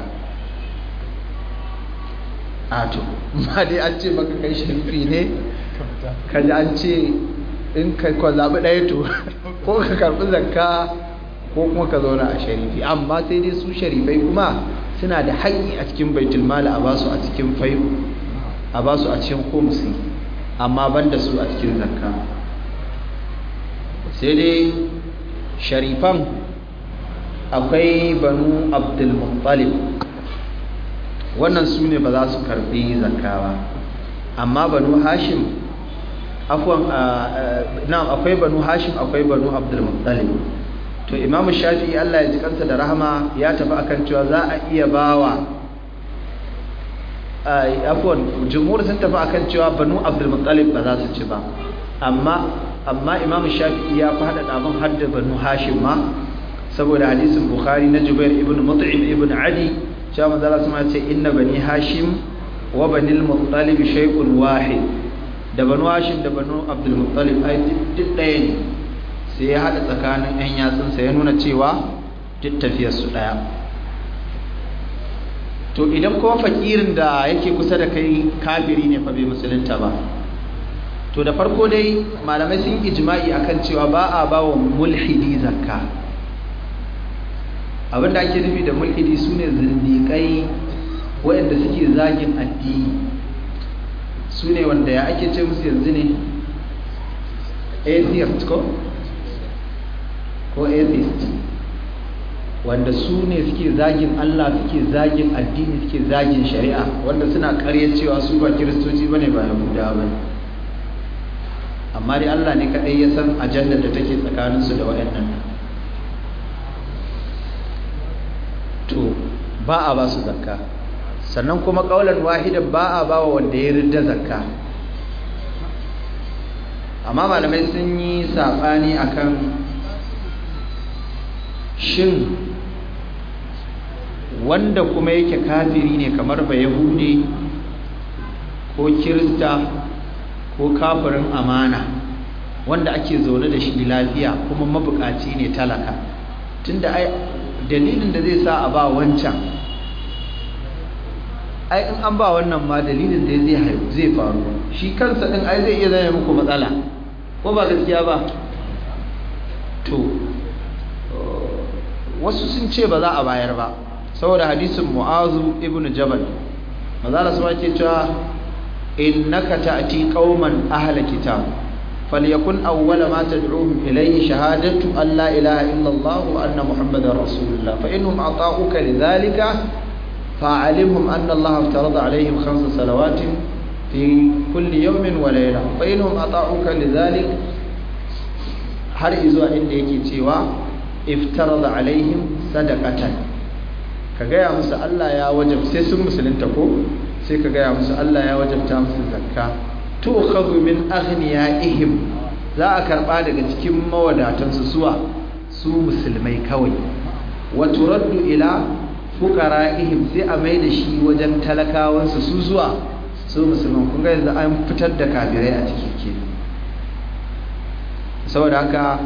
a to ma dai an ce maka kai sharifi ne kaji an ce in ka zaɓi ɗaya to ko ka karɓi zaka ko kuma ka zauna a sharifi amma sai dai su sharifai kuma suna da haƙƙi a cikin baitulmala a basu a cikin fayu a basu a cikin komsi amma ban da su a cikin zakka Daidai sharifan akwai banu abdulmuttalib wannan su ne ba za su karbi zakka amma banu hashim afwan na'am akwai banu hashim akwai banu abdulmuttalib to imamu shafi'i Allah ya ji kansa da rahama ya tafi akan cewa za a iya bawa afwan jumhur sun tafi akan cewa banu abdulmuttalib ba za su ci ba amma amma imamu shafi'i ya fi haɗa abin har da banu hashim ma saboda hadisin bukhari na jubair ibn mut'im ibn adi cewa manzala sama ce inna bani hashim wa banil muttalib shay'un wahid da banu hashim da banu abdul muttalib ai duk ɗaya ne sai ya haɗa tsakanin yan yatsunsa ya nuna cewa duk tafiyar su ɗaya to idan kuma fakirin da yake kusa da kai kafiri ne fa bai musulunta ba to da farko dai malamai sun ijma'i akan cewa ba a ba wa mulhidi zakka da ake nufi da mulhidi su ne zindiƙai waɗanda suke zagin addini su ne wanda ya ake ce musu yanzu ne atheist ko ko atheist wanda su ne suke zagin Allah suke zagin addini suke zagin shari'a wanda suna ƙarya cewa su ba kiristoci bane ba yahudawa bane amma dai Allah ne kaɗai ya san ajandar da take tsakaninsu da waɗannan to ba a ba su zakka sannan kuma ƙaunar wahidan ba a ba wa wanda ya ridda zakka amma malamai sun yi saɓani akan shin wanda kuma yake kafiri ne kamar ba yahudi ko kirista ko kafirin amana wanda ake zaune da shi lafiya kuma mabukaci ne talaka tunda ai dalilin da zai sa a ba wancan ai in an ba wannan ma dalilin da zai haihu zai faru shi kansa din ai zai iya zama muku matsala ko ba gaskiya ba to wasu sun ce ba za a bayar ba saboda hadisin mu'azu ibnu jabal maza da ke cewa innaka ta'ti qauman ahla kitab falyakun awwala ma tad'uhum ilayhi shahadatu an la ilaha illa Allah wa anna muhammadar rasulullah fa innahum ata'uka lidhalika fa'alimhum anna Allah aftarada alayhim khamsa salawatin fi kulli yawmin wa layla fa innahum ata'uka lidhalik har izuwa inda yake cewa iftarada alayhim sadaqatan ka gaya musu Allah ya wajab sai sun musulunta ko sai ka gaya musu Allah ya wajabta musu zakka khadhu min aghniyaihim za a karba daga cikin mawadatan su suwa su musulmai kawai wa turaddu ila fuqara'ihim sai a mai da shi wajen talakawan su zuwa su musulman kun ga yanzu an fitar da kafirai a cikin ke saboda haka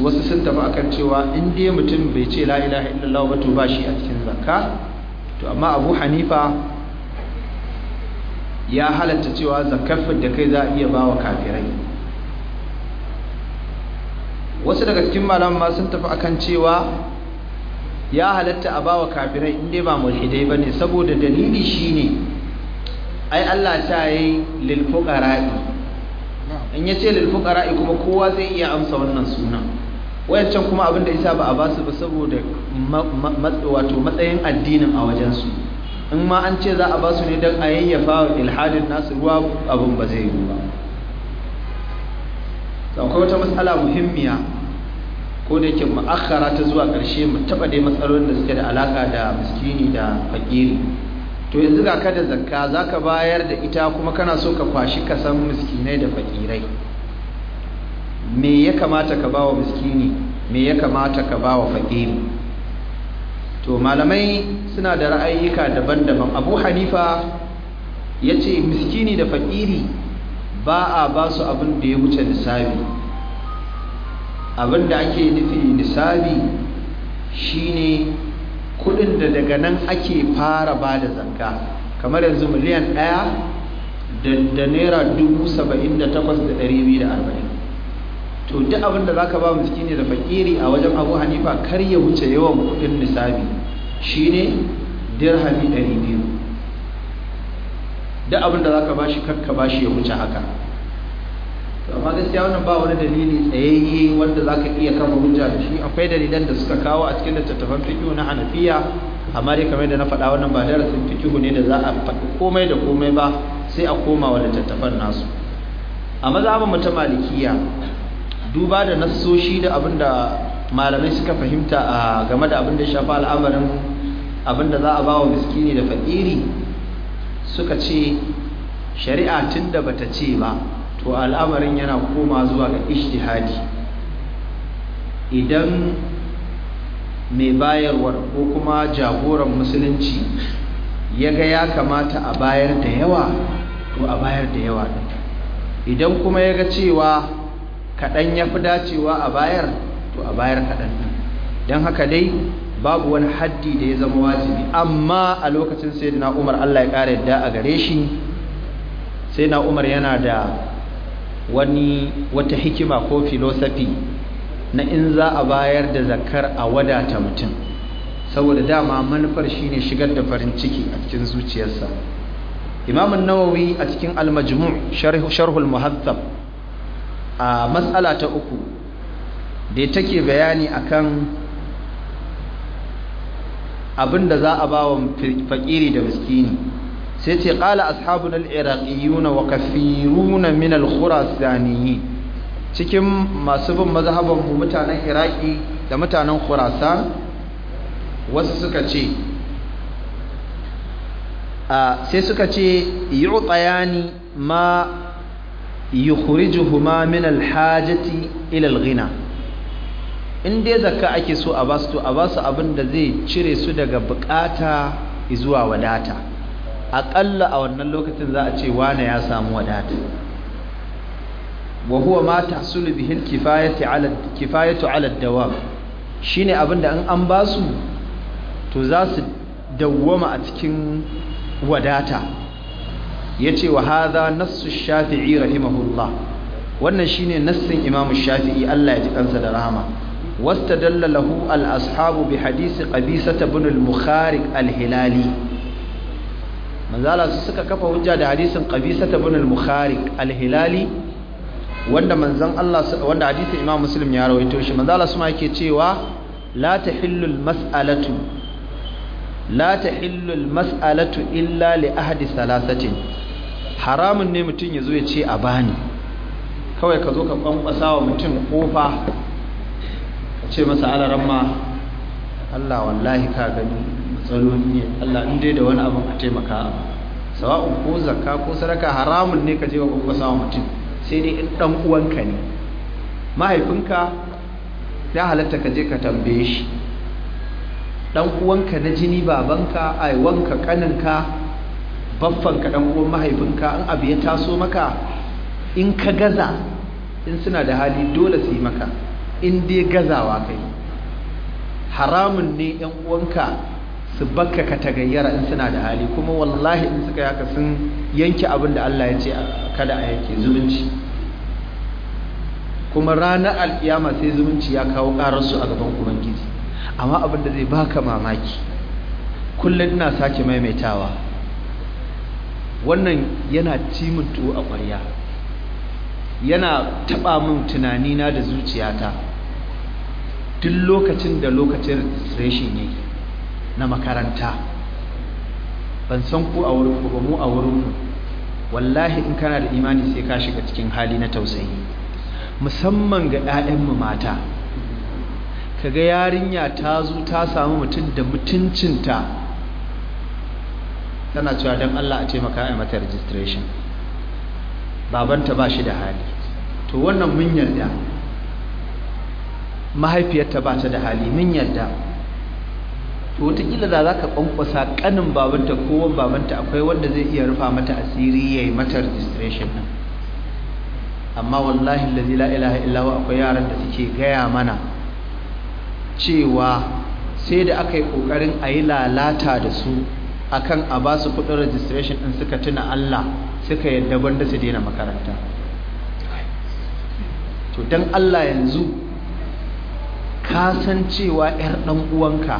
wasu sun tafi akan cewa in dai mutum bai ce la ilaha illallah ba to ba shi a cikin zakka to amma abu hanifa ya halatta cewa zakafin da kai za a iya ba wa kafirai wasu daga cikin ma sun tafi akan cewa ya halatta a ba wa kafirai inda ba mulhidai ba ne saboda dalili shi ne ai allah ta yi lilfuƙara'i in ya ce lilfuƙara'i kuma kowa zai iya amsa wannan sunan wayancan kuma abin da isa ba a basu ba saboda wato matsayin addinin a wajen su, in ma an ce za a basu ne don a yayyafa ilhadin nasu ruwa abin ba zai yi ba akwai wata matsala muhimmiya ko da yake ta zuwa ƙarshe mu taɓa dai matsalolin da suke da alaƙa da miskini da fakiri to yanzu ga ka da zakka za ka bayar da ita kuma kana so ka kwashi kasan miskinai da fakirai me ya kamata ka bawa miskini me ya kamata ka bawa faƙiri to malamai suna da ra'ayyuka daban-daban abu hanifa ya ce miskini da faƙiri ba a ba su abin da ya wuce nisabi abin da ake nufi nisabi shine kudin da daga nan ake fara ba da zanga kamar yanzu miliyan ɗaya da naira dubu saba'in da da arba'in to duk abin da zaka ba ne da fakiri a wajen Abu Hanifa kar ya wuce yawan kudin nisabi shine dirhami 200 duk abin da zaka bashi ba bashi ya wuce haka to amma gaskiya wannan ba wani dalili tsayayye wanda zaka iya kama hujja da shi akwai dalilan da suka kawo a cikin littattafan fiqh na Hanafiya amma dai kamar da na faɗa wannan ba darasin fiqh ne da za a faɗi komai da komai ba sai a koma wa littattafan nasu a mu ta malikiya duba da nassoshi da abinda malamai suka fahimta a game da abinda shafa al'amarin abinda za a bawa miskini da fakiri suka ce shari'a tunda da bata ce ba to al'amarin yana koma zuwa ga ishtihadi idan mai bayarwar ko kuma jagoran musulunci ya ga ya kamata a bayar da yawa to a bayar da yawa idan kuma ya ga cewa kaɗan ya fi dacewa a bayar to a bayar kaɗan ɗin don haka dai babu wani haddi da ya zama wajibi amma a lokacin sai na umar allah ya ƙara yadda a gare shi sai na umar yana da wani wata hikima ko filosofi na in za a bayar da zakar a wadata mutum saboda dama manufar shine shigar da farin ciki a cikin zuciyarsa imamun nawawi a cikin almajmu sharhul muhazzab a matsala ta uku da take bayani akan abin da za a ba wa fakiri da miskini sai ce ƙala ashabun al'iraƙiyuna wa kafiruna min al-khurasaniyi cikin masu bin mazhabanmu mutanen iraki da mutanen khurasan wasu suka ce sai suka ce yi ma yukhrijuhuma min alhajati ila alghina in dai zakka ake so a basu to a basu abin da zai cire su daga bukata zuwa wadata aqalla a wannan lokacin za a ce wane ya samu wadata wa huwa ma tahsulu bihi ala kifayatu ala dawam shine abinda in an basu to za su dawwama a cikin wadata ya yace wa hadha nassu shafi'i rahimahullah wannan shine nassin imamu shafi'i Allah ya ji kansa da rahama wastadalla lahu al-ashabu bi hadisi qabisata ibn al-mukhariq al-hilali manzala su suka kafa hujja da hadisin qabisata ibn al-mukhariq al-hilali wanda manzan Allah wanda hadisin imamu muslim ya rawaito shi manzala su ma yake cewa la tahillu al-mas'alatu la ta al-mas'alatu illa li ahadi salasatin. haramun ne mutum ya zo ya ce a bani kawai ka zo ka ƙwanƙwasa wa mutum kofa ka ce masa alaran ma Allah wallahi ka gani matsaloli ne Allah in dai da wani abin a taimaka sawa'un ko zakka ko sadaka haramun ne ka je ka ƙwanƙwasa wa mutum sai dai in dan uwanka ne mahaifinka ya halatta ka je ka tambaye shi dan uwanka na jini babanka ai wanka kaninka baffan ka dan uwan mahaifinka an abu ya taso maka in ka gaza in suna da hali dole su yi maka in dai gazawa kai haramun ne yan uwanka su bakka ka tagayyara in suna da hali kuma wallahi in suka yaka sun yanke abin da Allah ya ce kada a yanke zumunci kuma ranar alkiyama sai zumunci ya kawo ƙararsu a gaban ubangiji amma abin da zai baka mamaki kullum ina sake maimaitawa wannan yana cimin a ƙwarya yana taɓa min na da zuciyata duk lokacin da lokacin reshin yake na makaranta ban san ku a wurin ba mu a wurinmu wallahi in kana da imani sai ka shiga cikin hali na tausayi musamman ga mu mata kaga yarinya ta zo ta samu mutum da mutuncinta tana cewa don Allah a taimaka a mata registration babanta ba shi da hali to wannan mun yarda mahaifiyarta ba ta da hali mun yarda to wataƙila da za ka ƙwanƙwasa ƙanin babanta ko babanta akwai wanda zai iya rufa mata asiri ya yi mata registration ɗin amma wallahi lazi la ilaha illawa akwai yaran da suke gaya mana cewa sai da aka yi ƙoƙarin a yi lalata da su akan a ba su kudin registration din suka tuna Allah suka yadda banda su daina makaranta to dan Allah yanzu ka san cewa yar dan uwanka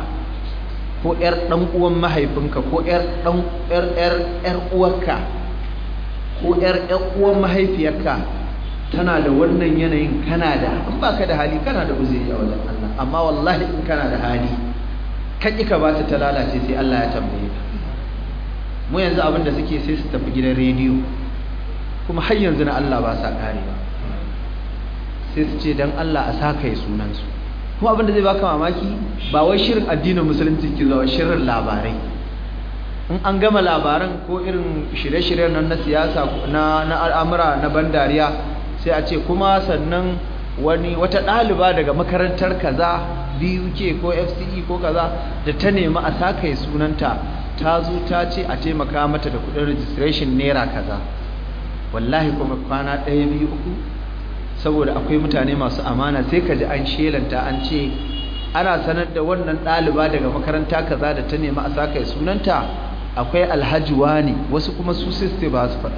ko yar dan uwan mahaifinka ko yar dan yar yar yar uwarka ko yar yar uwan mahaifiyarka tana da wannan yanayin kana da in baka da hali kana da uzuri a wajen Allah amma wallahi in kana da hali kan ka ba ta lalace sai Allah ya tambaye ka mu yanzu abin da suke sai su tafi gidan rediyo kuma har yanzu na Allah ba sa kare ba sai su ce dan Allah a saka ya sunansu kuma abin da zai baka mamaki ba wai shirin addinin musulunci ke zuwa shirin labarai in an gama labaran ko irin shirye-shiryen nan na siyasa na al'amura na ban dariya sai a ce kuma sannan wani wata ɗaliba daga makarantar kaza BUK ko FCE ko kaza da ta nemi a saka ya sunanta ta zo ta ce a taimaka mata da kudin registration naira kaza wallahi kuma kwana ɗaya biyu uku saboda akwai mutane masu amana sai ka ji an shelanta an ce ana sanar da wannan ɗaliba daga makaranta kaza da ta nema a sakai sunanta akwai alhaji wani wasu kuma su sai su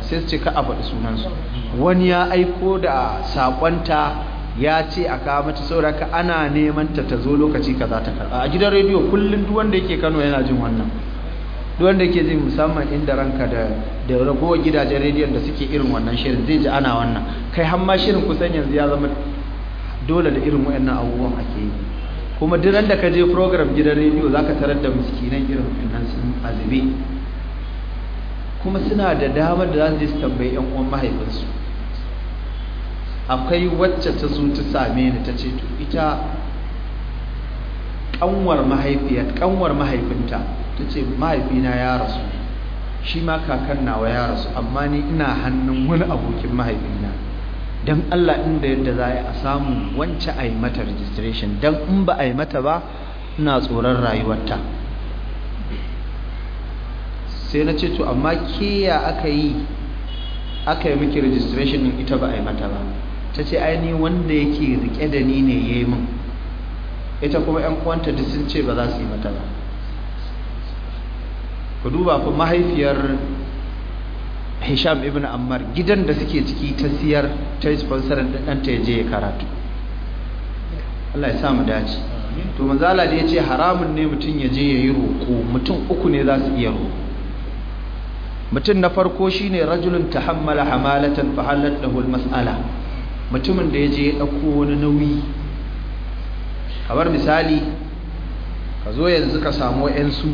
sai ce ka a faɗi sunansu wani ya aiko da saƙonta ya ce a kawo mata sauraka ana neman ta ta zo lokaci kaza ta karɓa a gidan rediyo kullum duk yake Kano yana jin wannan duk wanda zai jin musamman inda ranka da da ragowar gidajen rediyon da suke irin wannan shirin zai ji ana wannan kai hamma shirin kusan yanzu ya zama dole da irin wayannan abubuwan ake yi kuma duk da ka je program gidan rediyo za ka tarar da miskinan irin wannan sun azube kuma suna da damar da za su su tambayi yan uwan mahaifinsu akwai wacce ta zo ta same ni ta ce to ita kanwar mahaifiyar kanwar mahaifinta ta ce mahaifina ya rasu shi ma kakan nawa ya rasu amma ni ina hannun wani abokin mahaifina don allah inda yadda za a samu wance a yi mata registration don in ba a yi mata ba ina tsoron rayuwarta sai na ce to amma ke ya aka yi aka yi miki registration ita ba a yi mata ba ta ce ainihin wanda yake rike da ni ne ya yi min ita kuma yan kwanta duk sun ce ba za su yi mata ba ku duba ku mahaifiyar Hisham ibn Ammar gidan da suke ciki ta siyar ta yi sponsorin ɗanta ya je ya karatu Allah ya samu dace to manzala da ya ce haramun ne mutum ya je ya yi roƙo mutum uku ne za su iya roƙo mutum na farko shine rajulun tahammala hamalatan da lahu almas'ala mutumin da ya je ya ɗauko wani nauyi kamar misali ka zo yanzu ka samu yansu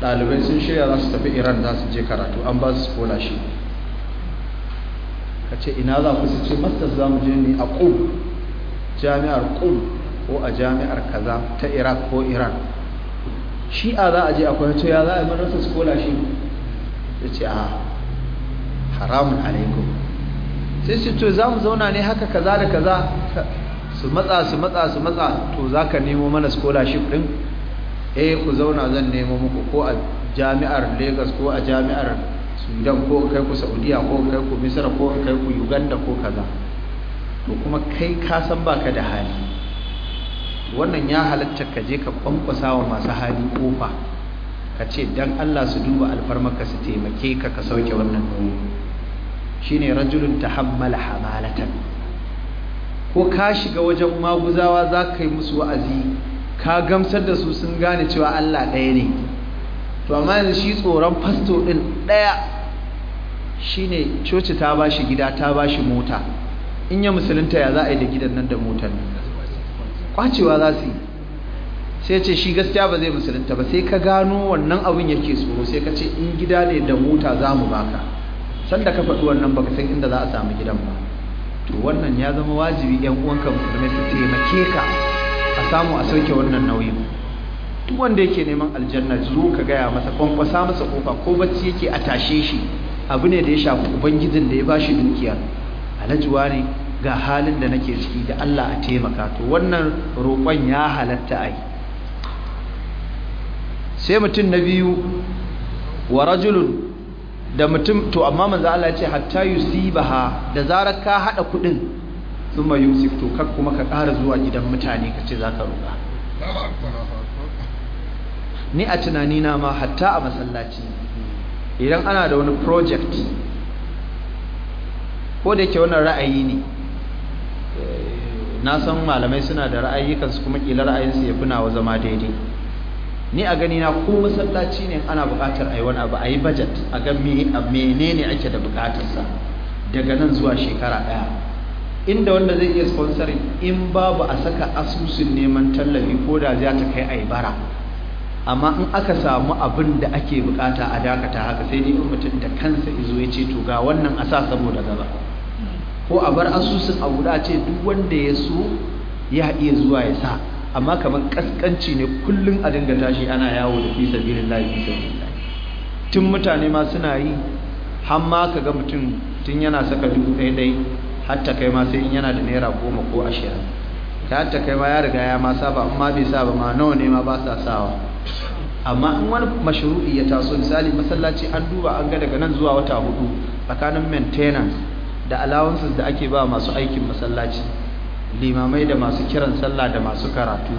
ɗalibai sun shirya za su tafi iran za su je karatu an ba su shi. ka ce ina za ku su ce masters za mu je ne a ƙun jami'ar ƙun ko a jami'ar kaza ta iraq ko iran shi'a za a je akwai kwanci ya za a yi marasa shi. ya ce a haramun alaikum sai su to za mu zauna ne haka kaza da kaza su matsa su matsa su matsa to za ka nemo mana scholarship ɗin eh ku zauna zan nemo muku ko a jami'ar lagos ko a jami'ar sudan ko kai ku saudiya ko kai ku misra ko kai ku uganda ko kaza to kuma kai ka san ba ka da hali wannan ya halatta ka je ka kwankwasa wa masu hali kofa ka ce dan Allah su duba alfarmaka su taimake ka ka sauke wannan Shi shine rajulun tahammala hamalatan ko ka shiga wajen maguzawa za ka yi musu wa'azi ka gamsar da su sun gane cewa Allah ɗaya ne to amma yanzu shi tsoron fasto ɗin ɗaya shine coci ta ba shi gida ta ba shi mota in ya musulunta ya za a yi da gidan nan da motar kwacewa za su yi sai ce shi gaskiya ba zai musulunta ba sai ka gano wannan abin yake tsoro sai ka ce in gida ne da mota za mu baka sanda ka faɗi wannan baka san inda za a samu gidan ba to wannan ya zama wajibi yan uwanka musulmai su taimake ka a samu a sauke wannan nauyin duk wanda yake neman aljanna zo ka gaya masa kwankwasa masa kofa ko bacci yake a tashe shi abu ne da ya shafi ubangijin da ya bashi dukiya alajuwa ne ga halin da nake ciki da Allah a taimaka to wannan roƙon ya halatta ai sai mutum na biyu wa rajulun da mutum to amma manzo Allah ya ce hatta yusibaha da zarar ka hada kudin zuma yusuf to kak kuma ka ƙara zuwa gidan mutane ka ce zaka roƙa ni a tunani na ma hatta a masallaci idan ana da wani project ko da yake wannan ra'ayi ne eh, na san malamai suna da ra'ayi kansu kuma kila ra'ayinsu ya fi nawa zama daidai ni a gani na ko masallaci ne ana buƙatar a yi wani abu a yi budget a ga menene ake da buƙatarsa daga nan zuwa shekara ɗaya inda wanda zai iya sponsoring in babu a saka asusun neman tallafi ko da za ta kai a yi bara amma in aka samu abin da ake buƙata a dakata haka sai dai in mutum da kansa izo ya ce to ga wannan a sa saboda gaba ko a bar asusun a guda ce duk wanda ya so ya iya zuwa ya sa amma kamar kaskanci ne kullum a dinga tashi ana yawo da fi sabilillahi fi tun mutane ma suna yi hamma ka ga mutum tun yana saka dubu ɗaya ɗai hatta kai ma sai in yana da naira goma ko ashirin ta hatta kai ma ya riga ya ma saba amma bai saba ma nawa ne ma ba sa sawa amma in wani mashru'i ya taso misali masallaci an duba an ga daga nan zuwa wata hudu tsakanin maintenance da allowances da ake ba masu aikin masallaci limamai da masu kiran sallah da masu karatu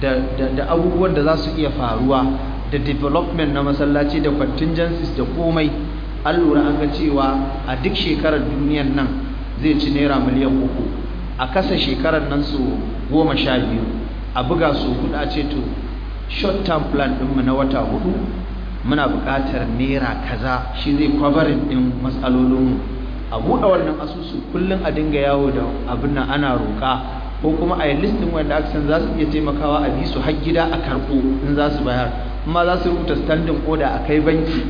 da abubuwan da za su iya faruwa da development na masallaci da contingencies da komai an lura an ga cewa a duk shekarar duniyan nan zai ci naira miliyan uku a kasa shekarar nan su goma sha biyu a buga su hudu a ce to short term plan ɗinmu na wata hudu muna buƙatar naira kaza shi zai kwabarin ɗin matsalolinmu a buɗe wannan asusu kullum a dinga yawo da abin nan ana roƙa ko kuma a yi listin wanda aka san za su iya taimakawa a bi su har gida a karɓo in za su bayar amma za su rubuta standin oda a kai banki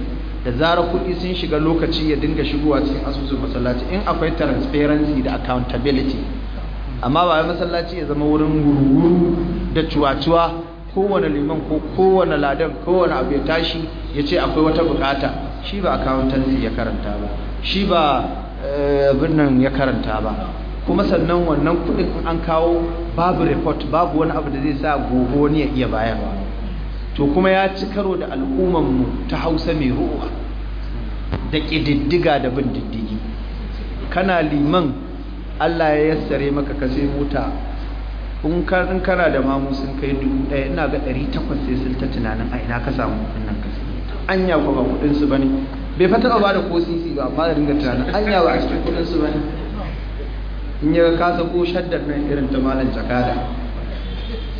da zarar kuɗi sun shiga lokaci ya dinga shigowa cikin asusun masallaci in akwai transparency da accountability amma ba masallaci ya zama wurin guruguru da cuwa-cuwa kowane liman ko kowane ladan kowane abu ya tashi ya ce akwai wata bukata shi ba accountancy ya karanta ba shi ba eh, abin nan ya karanta ba kuma sannan wannan kudin an kawo babu report babu wani abu da zai sa gobe wani ya iya bayarwa to kuma ya ci karo da mu ta hausa mai ruwa da ƙididdiga da bin diddigi kana liman allah ya yassare maka ka sai mota in kana da mamu sun kai dubu ɗaya ina ga ɗari takwas sai sun ta tunanin a ina ka samu kuɗin nan kasi anya ko ba kuɗin su bane bai fata ba da ko sisi ba amma da dinga tunanin anya ba a cikin kuɗin su bane in ya ga kasa ko shaddar nan irin ta malam jakada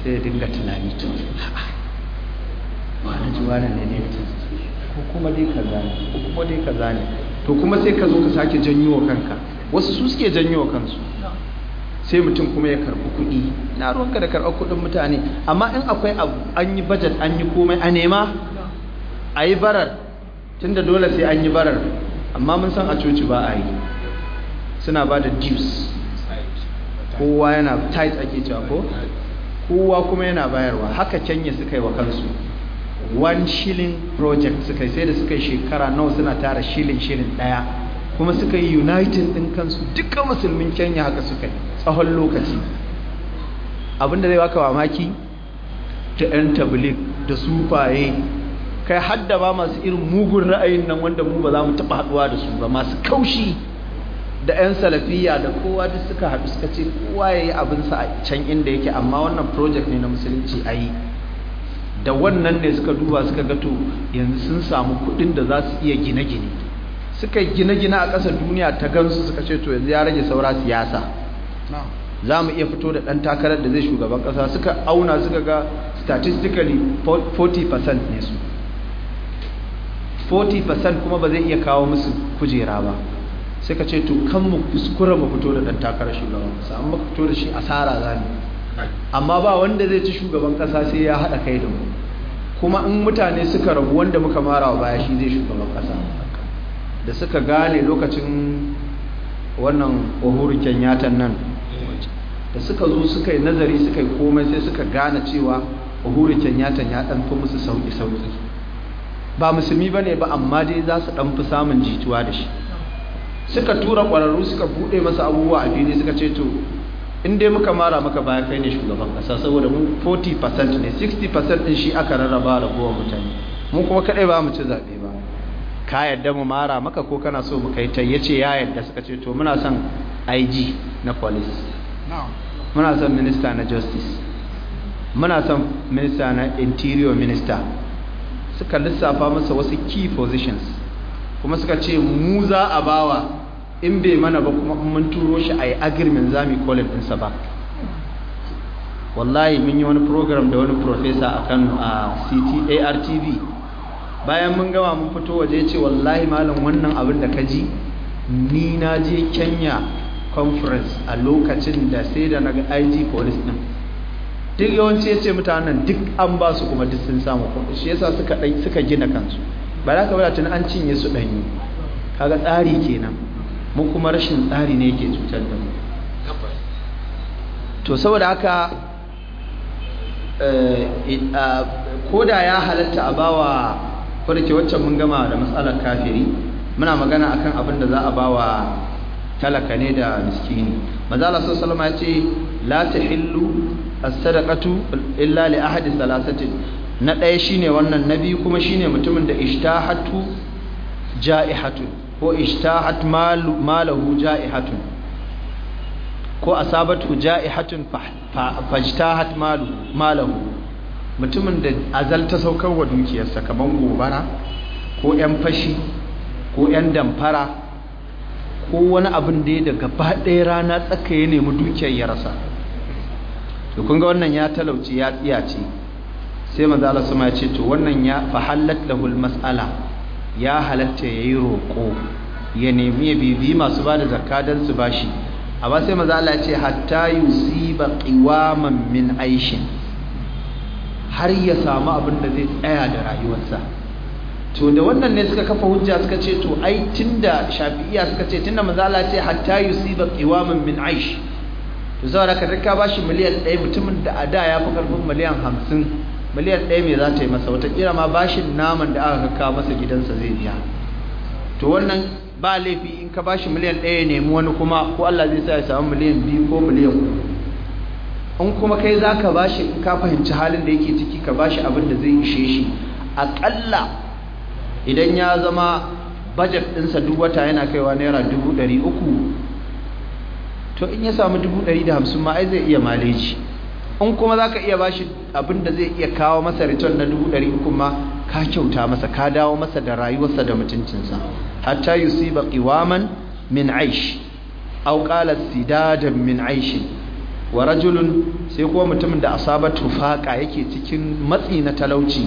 sai ya dinga tunani to ma'ana wani ne ne ko kuma dai ka ne ko kuma dai ka ne to kuma sai ka zo ka sake janyo wa kanka wasu su suke janyo wa kansu sai mutum kuma ya karɓi kuɗi na ruwanka da karɓar kuɗin mutane amma in akwai abu an yi bajet an yi komai a nema a yi barar tun da dole sai an yi barar amma mun san a coci ba a yi suna ba da dues kowa yana tight ake cewa ko kowa kuma yana bayarwa haka kenya suka yi wa kansu one shilling project suka yi sai da suka yi shekara nawa suna tara shilling shilling ɗaya kuma suka yi united ɗin kansu dukkan musulmin kenya haka suka yi tsawon lokaci abinda zai baka mamaki ta 'yan tablik da sufaye kai hadda ba masu irin mugun ra'ayin nan wanda mu ba za mu taɓa haɗuwa da su ba masu kaushi da 'yan salafiya da kowa duk suka haɗu suka ce kowa ya yi abinsa a can inda yake amma wannan project ne na musulunci a yi da wannan ne suka duba suka gato yanzu sun samu kuɗin da za su iya gine-gine suka gine-gine a ƙasa duniya ta gansu suka ce to yanzu ya rage saura siyasa za mu iya fito da ɗan takarar da zai shugaban ƙasa suka auna suka ga statistically 40% ne su 40% kuma ba zai iya kawo musu kujera ba suka ce to kan mu kuskura mu fito da ɗan takarar shugaban ƙasa amma fito da shi asara za ne. amma ba wanda zai ci shugaban ƙasa sai ya haɗa kai da mu kuma in mutane suka rabu wanda muka mara wa baya shi zai shugaban ƙasa da suka gane lokacin wannan ohuru yatan nan da suka zo suka yi nazari suka yi komai sai suka gane cewa uhuru kenyatan ya ɗanfi musu sauki sauki. ba musulmi ba ne ba amma dai za su ɗanfi samun jituwa da shi suka tura ƙwararru suka buɗe masa abubuwa a fili suka ce to in dai muka mara maka baya kai ne shugaban ƙasa saboda mu 40% ne 60% din shi aka rarraba da ragowar mutane mu kuma kaɗai ba mu ci zaɓe ba ka yadda mu mara maka ko kana so mu kai ta yace ya yadda suka ce to muna son IG na police muna son minista na justice muna son minista na interior minister suka lissafa masa wasu key positions kuma suka ce mu za a bawa in bai mana ba kuma mun turo shi a yi agirmin zami kolin ɗinsa ba wallahi mun yi wani program da wani profesa a kano a artv bayan mun gama mun fito waje ce wallahi malam wannan abin da ka ji ni na je kenya conference a lokacin da sai da na ga IG police din duk yawanci ya ce mutanen duk an ba su kuma duk sun samu kuɗi shi yasa suka suka gina kansu ba za ka bada tun an cinye su ɗanyi kaga tsari kenan mun kuma rashin tsari ne yake cutar da mu to saboda haka eh, da ya halatta a bawa kwarke waccan mun gama da matsalar kafiri muna magana akan abin da za a bawa talaka ne da miskini Maza Allah sallallahu alaihi ya ce la tahillu as-sadaqatu illa li ahadi salasatin. na ɗaya shine wannan nabi kuma shine mutumin da ishtahatu ja'ihatu ko ishtahat malahu ja'ihatu ko asabatu ja'ihatun hat malahu mutumin da azalta saukar wa dukiyarsa kamar gobara ko 'yan fashi ko 'yan damfara ko wani abin da ya daga ba ɗaya rana tsaka ya nemi dukiyar ya rasa to kun ga wannan ya talauci ya tsiyace sai Maza Allah sama ya ce to wannan ya da lahul mas'ala ya halatta ya yi roƙo, ya nemi ya bibi masu bada zakka dan su bashi amma sai Maza Allah ya ce hatta yusiba qiwaman min aishin har ya samu abin da zai tsaya da rayuwarsa to da wannan ne suka kafa hujja suka ce to ai tunda shafi'iya suka ce tunda mazala ce hatta yusiba qiwaman min aish to saboda ka rika bashi miliyan 1 mutumin da a da ya fi karfin miliyan 50 miliyan 1 me za ta yi masa wata kira ma bashin naman da aka kawo masa gidansa zai biya to wannan ba laifi in ka bashi miliyan 1 ya nemi wani kuma ko Allah zai sa ya samu miliyan 2 ko miliyan 3 in kuma kai zaka bashi in ka fahimci halin da yake ciki ka bashi abin da zai ishe shi aƙalla idan ya zama budget ɗinsa duk wata yana kaiwa naira dubu ɗari uku to in ya samu dubu ɗari da hamsin ma ai zai iya maleji in kuma za ka iya ba shi abinda zai iya kawo masa return na dubu ɗari uku ma ka kyauta masa ka dawo masa da rayuwarsa da mutuncinsa hatta wa man min aish auƙalar qala min aishi. wa rajulun sai kuma mutumin da asabar tufaƙa yake cikin matsi na talauci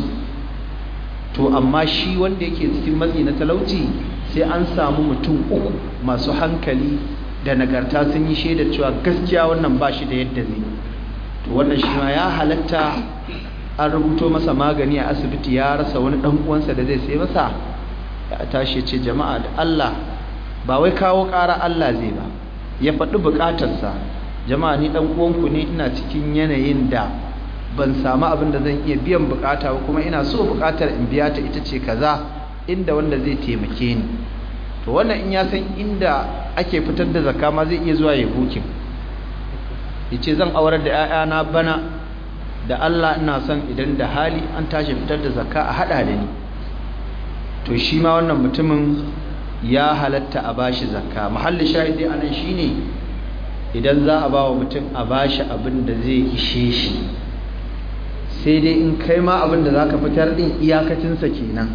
to amma shi wanda yake cikin matsi na talauci sai an samu mutum uku masu hankali da nagarta sun yi shaidar cewa gaskiya wannan ba shi da yadda zai to wannan shi ma ya halatta an rubuto masa magani a asibiti ya rasa wani dan uwansa da zai sai masa ya tashi ce jama'a da Allah ba wai kawo ƙara Allah zai ba ya faɗi buƙatarsa jama'a ni dan uwanku ne ina cikin yanayin da ban samu abin da zan iya biyan bukata ba kuma ina so bukatar in biya ta ita ce kaza inda wanda zai taimake ni to wannan in ya san inda ake fitar da zakka ma zai iya zuwa ya bukin yace zan aurar da 'ya'yana bana da Allah ina son idan da hali an tashi fitar da zakka a hada da ni to shi ma wannan mutumin ya halatta a bashi zakka mahallin shahidi anan shine idan za a ba wa mutum a bashi abin da zai ishe shi sai dai in kai ma abin da za ka fitar ɗin iyakacinsa kenan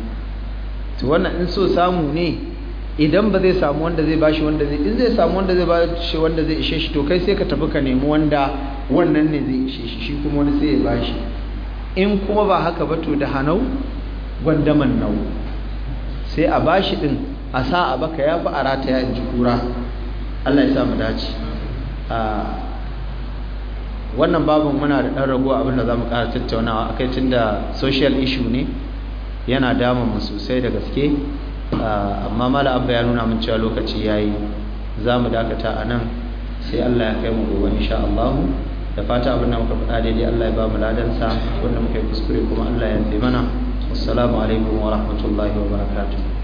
to wannan in so samu ne idan ba zai samu wanda zai bashi wanda zai in zai samu wanda zai bashi wanda zai ishe shi to kai sai ka tafi ka nemi wanda wannan ne zai ishe shi shi kuma wani sai ya bashi in kuma ba haka ba to da hanau gwandaman nau sai a bashi din a sa a baka ya fi a rata ya ji kura Allah ya sa mu dace ah, wannan babin muna da ɗan rago abin da za mu ƙara tattaunawa a kai da social issue ne yana damun mu sosai da gaske ah, amma mala abba ya nuna mun cewa lokaci ya yi za mu dakata a nan sai allah ya kai mu gobe insha allah da fata abin da muka faɗa daidai allah ya ba mu ladansa wanda muka yi kuskure kuma allah ya yi mana assalamu alaikum wa rahmatullahi wa barakatuh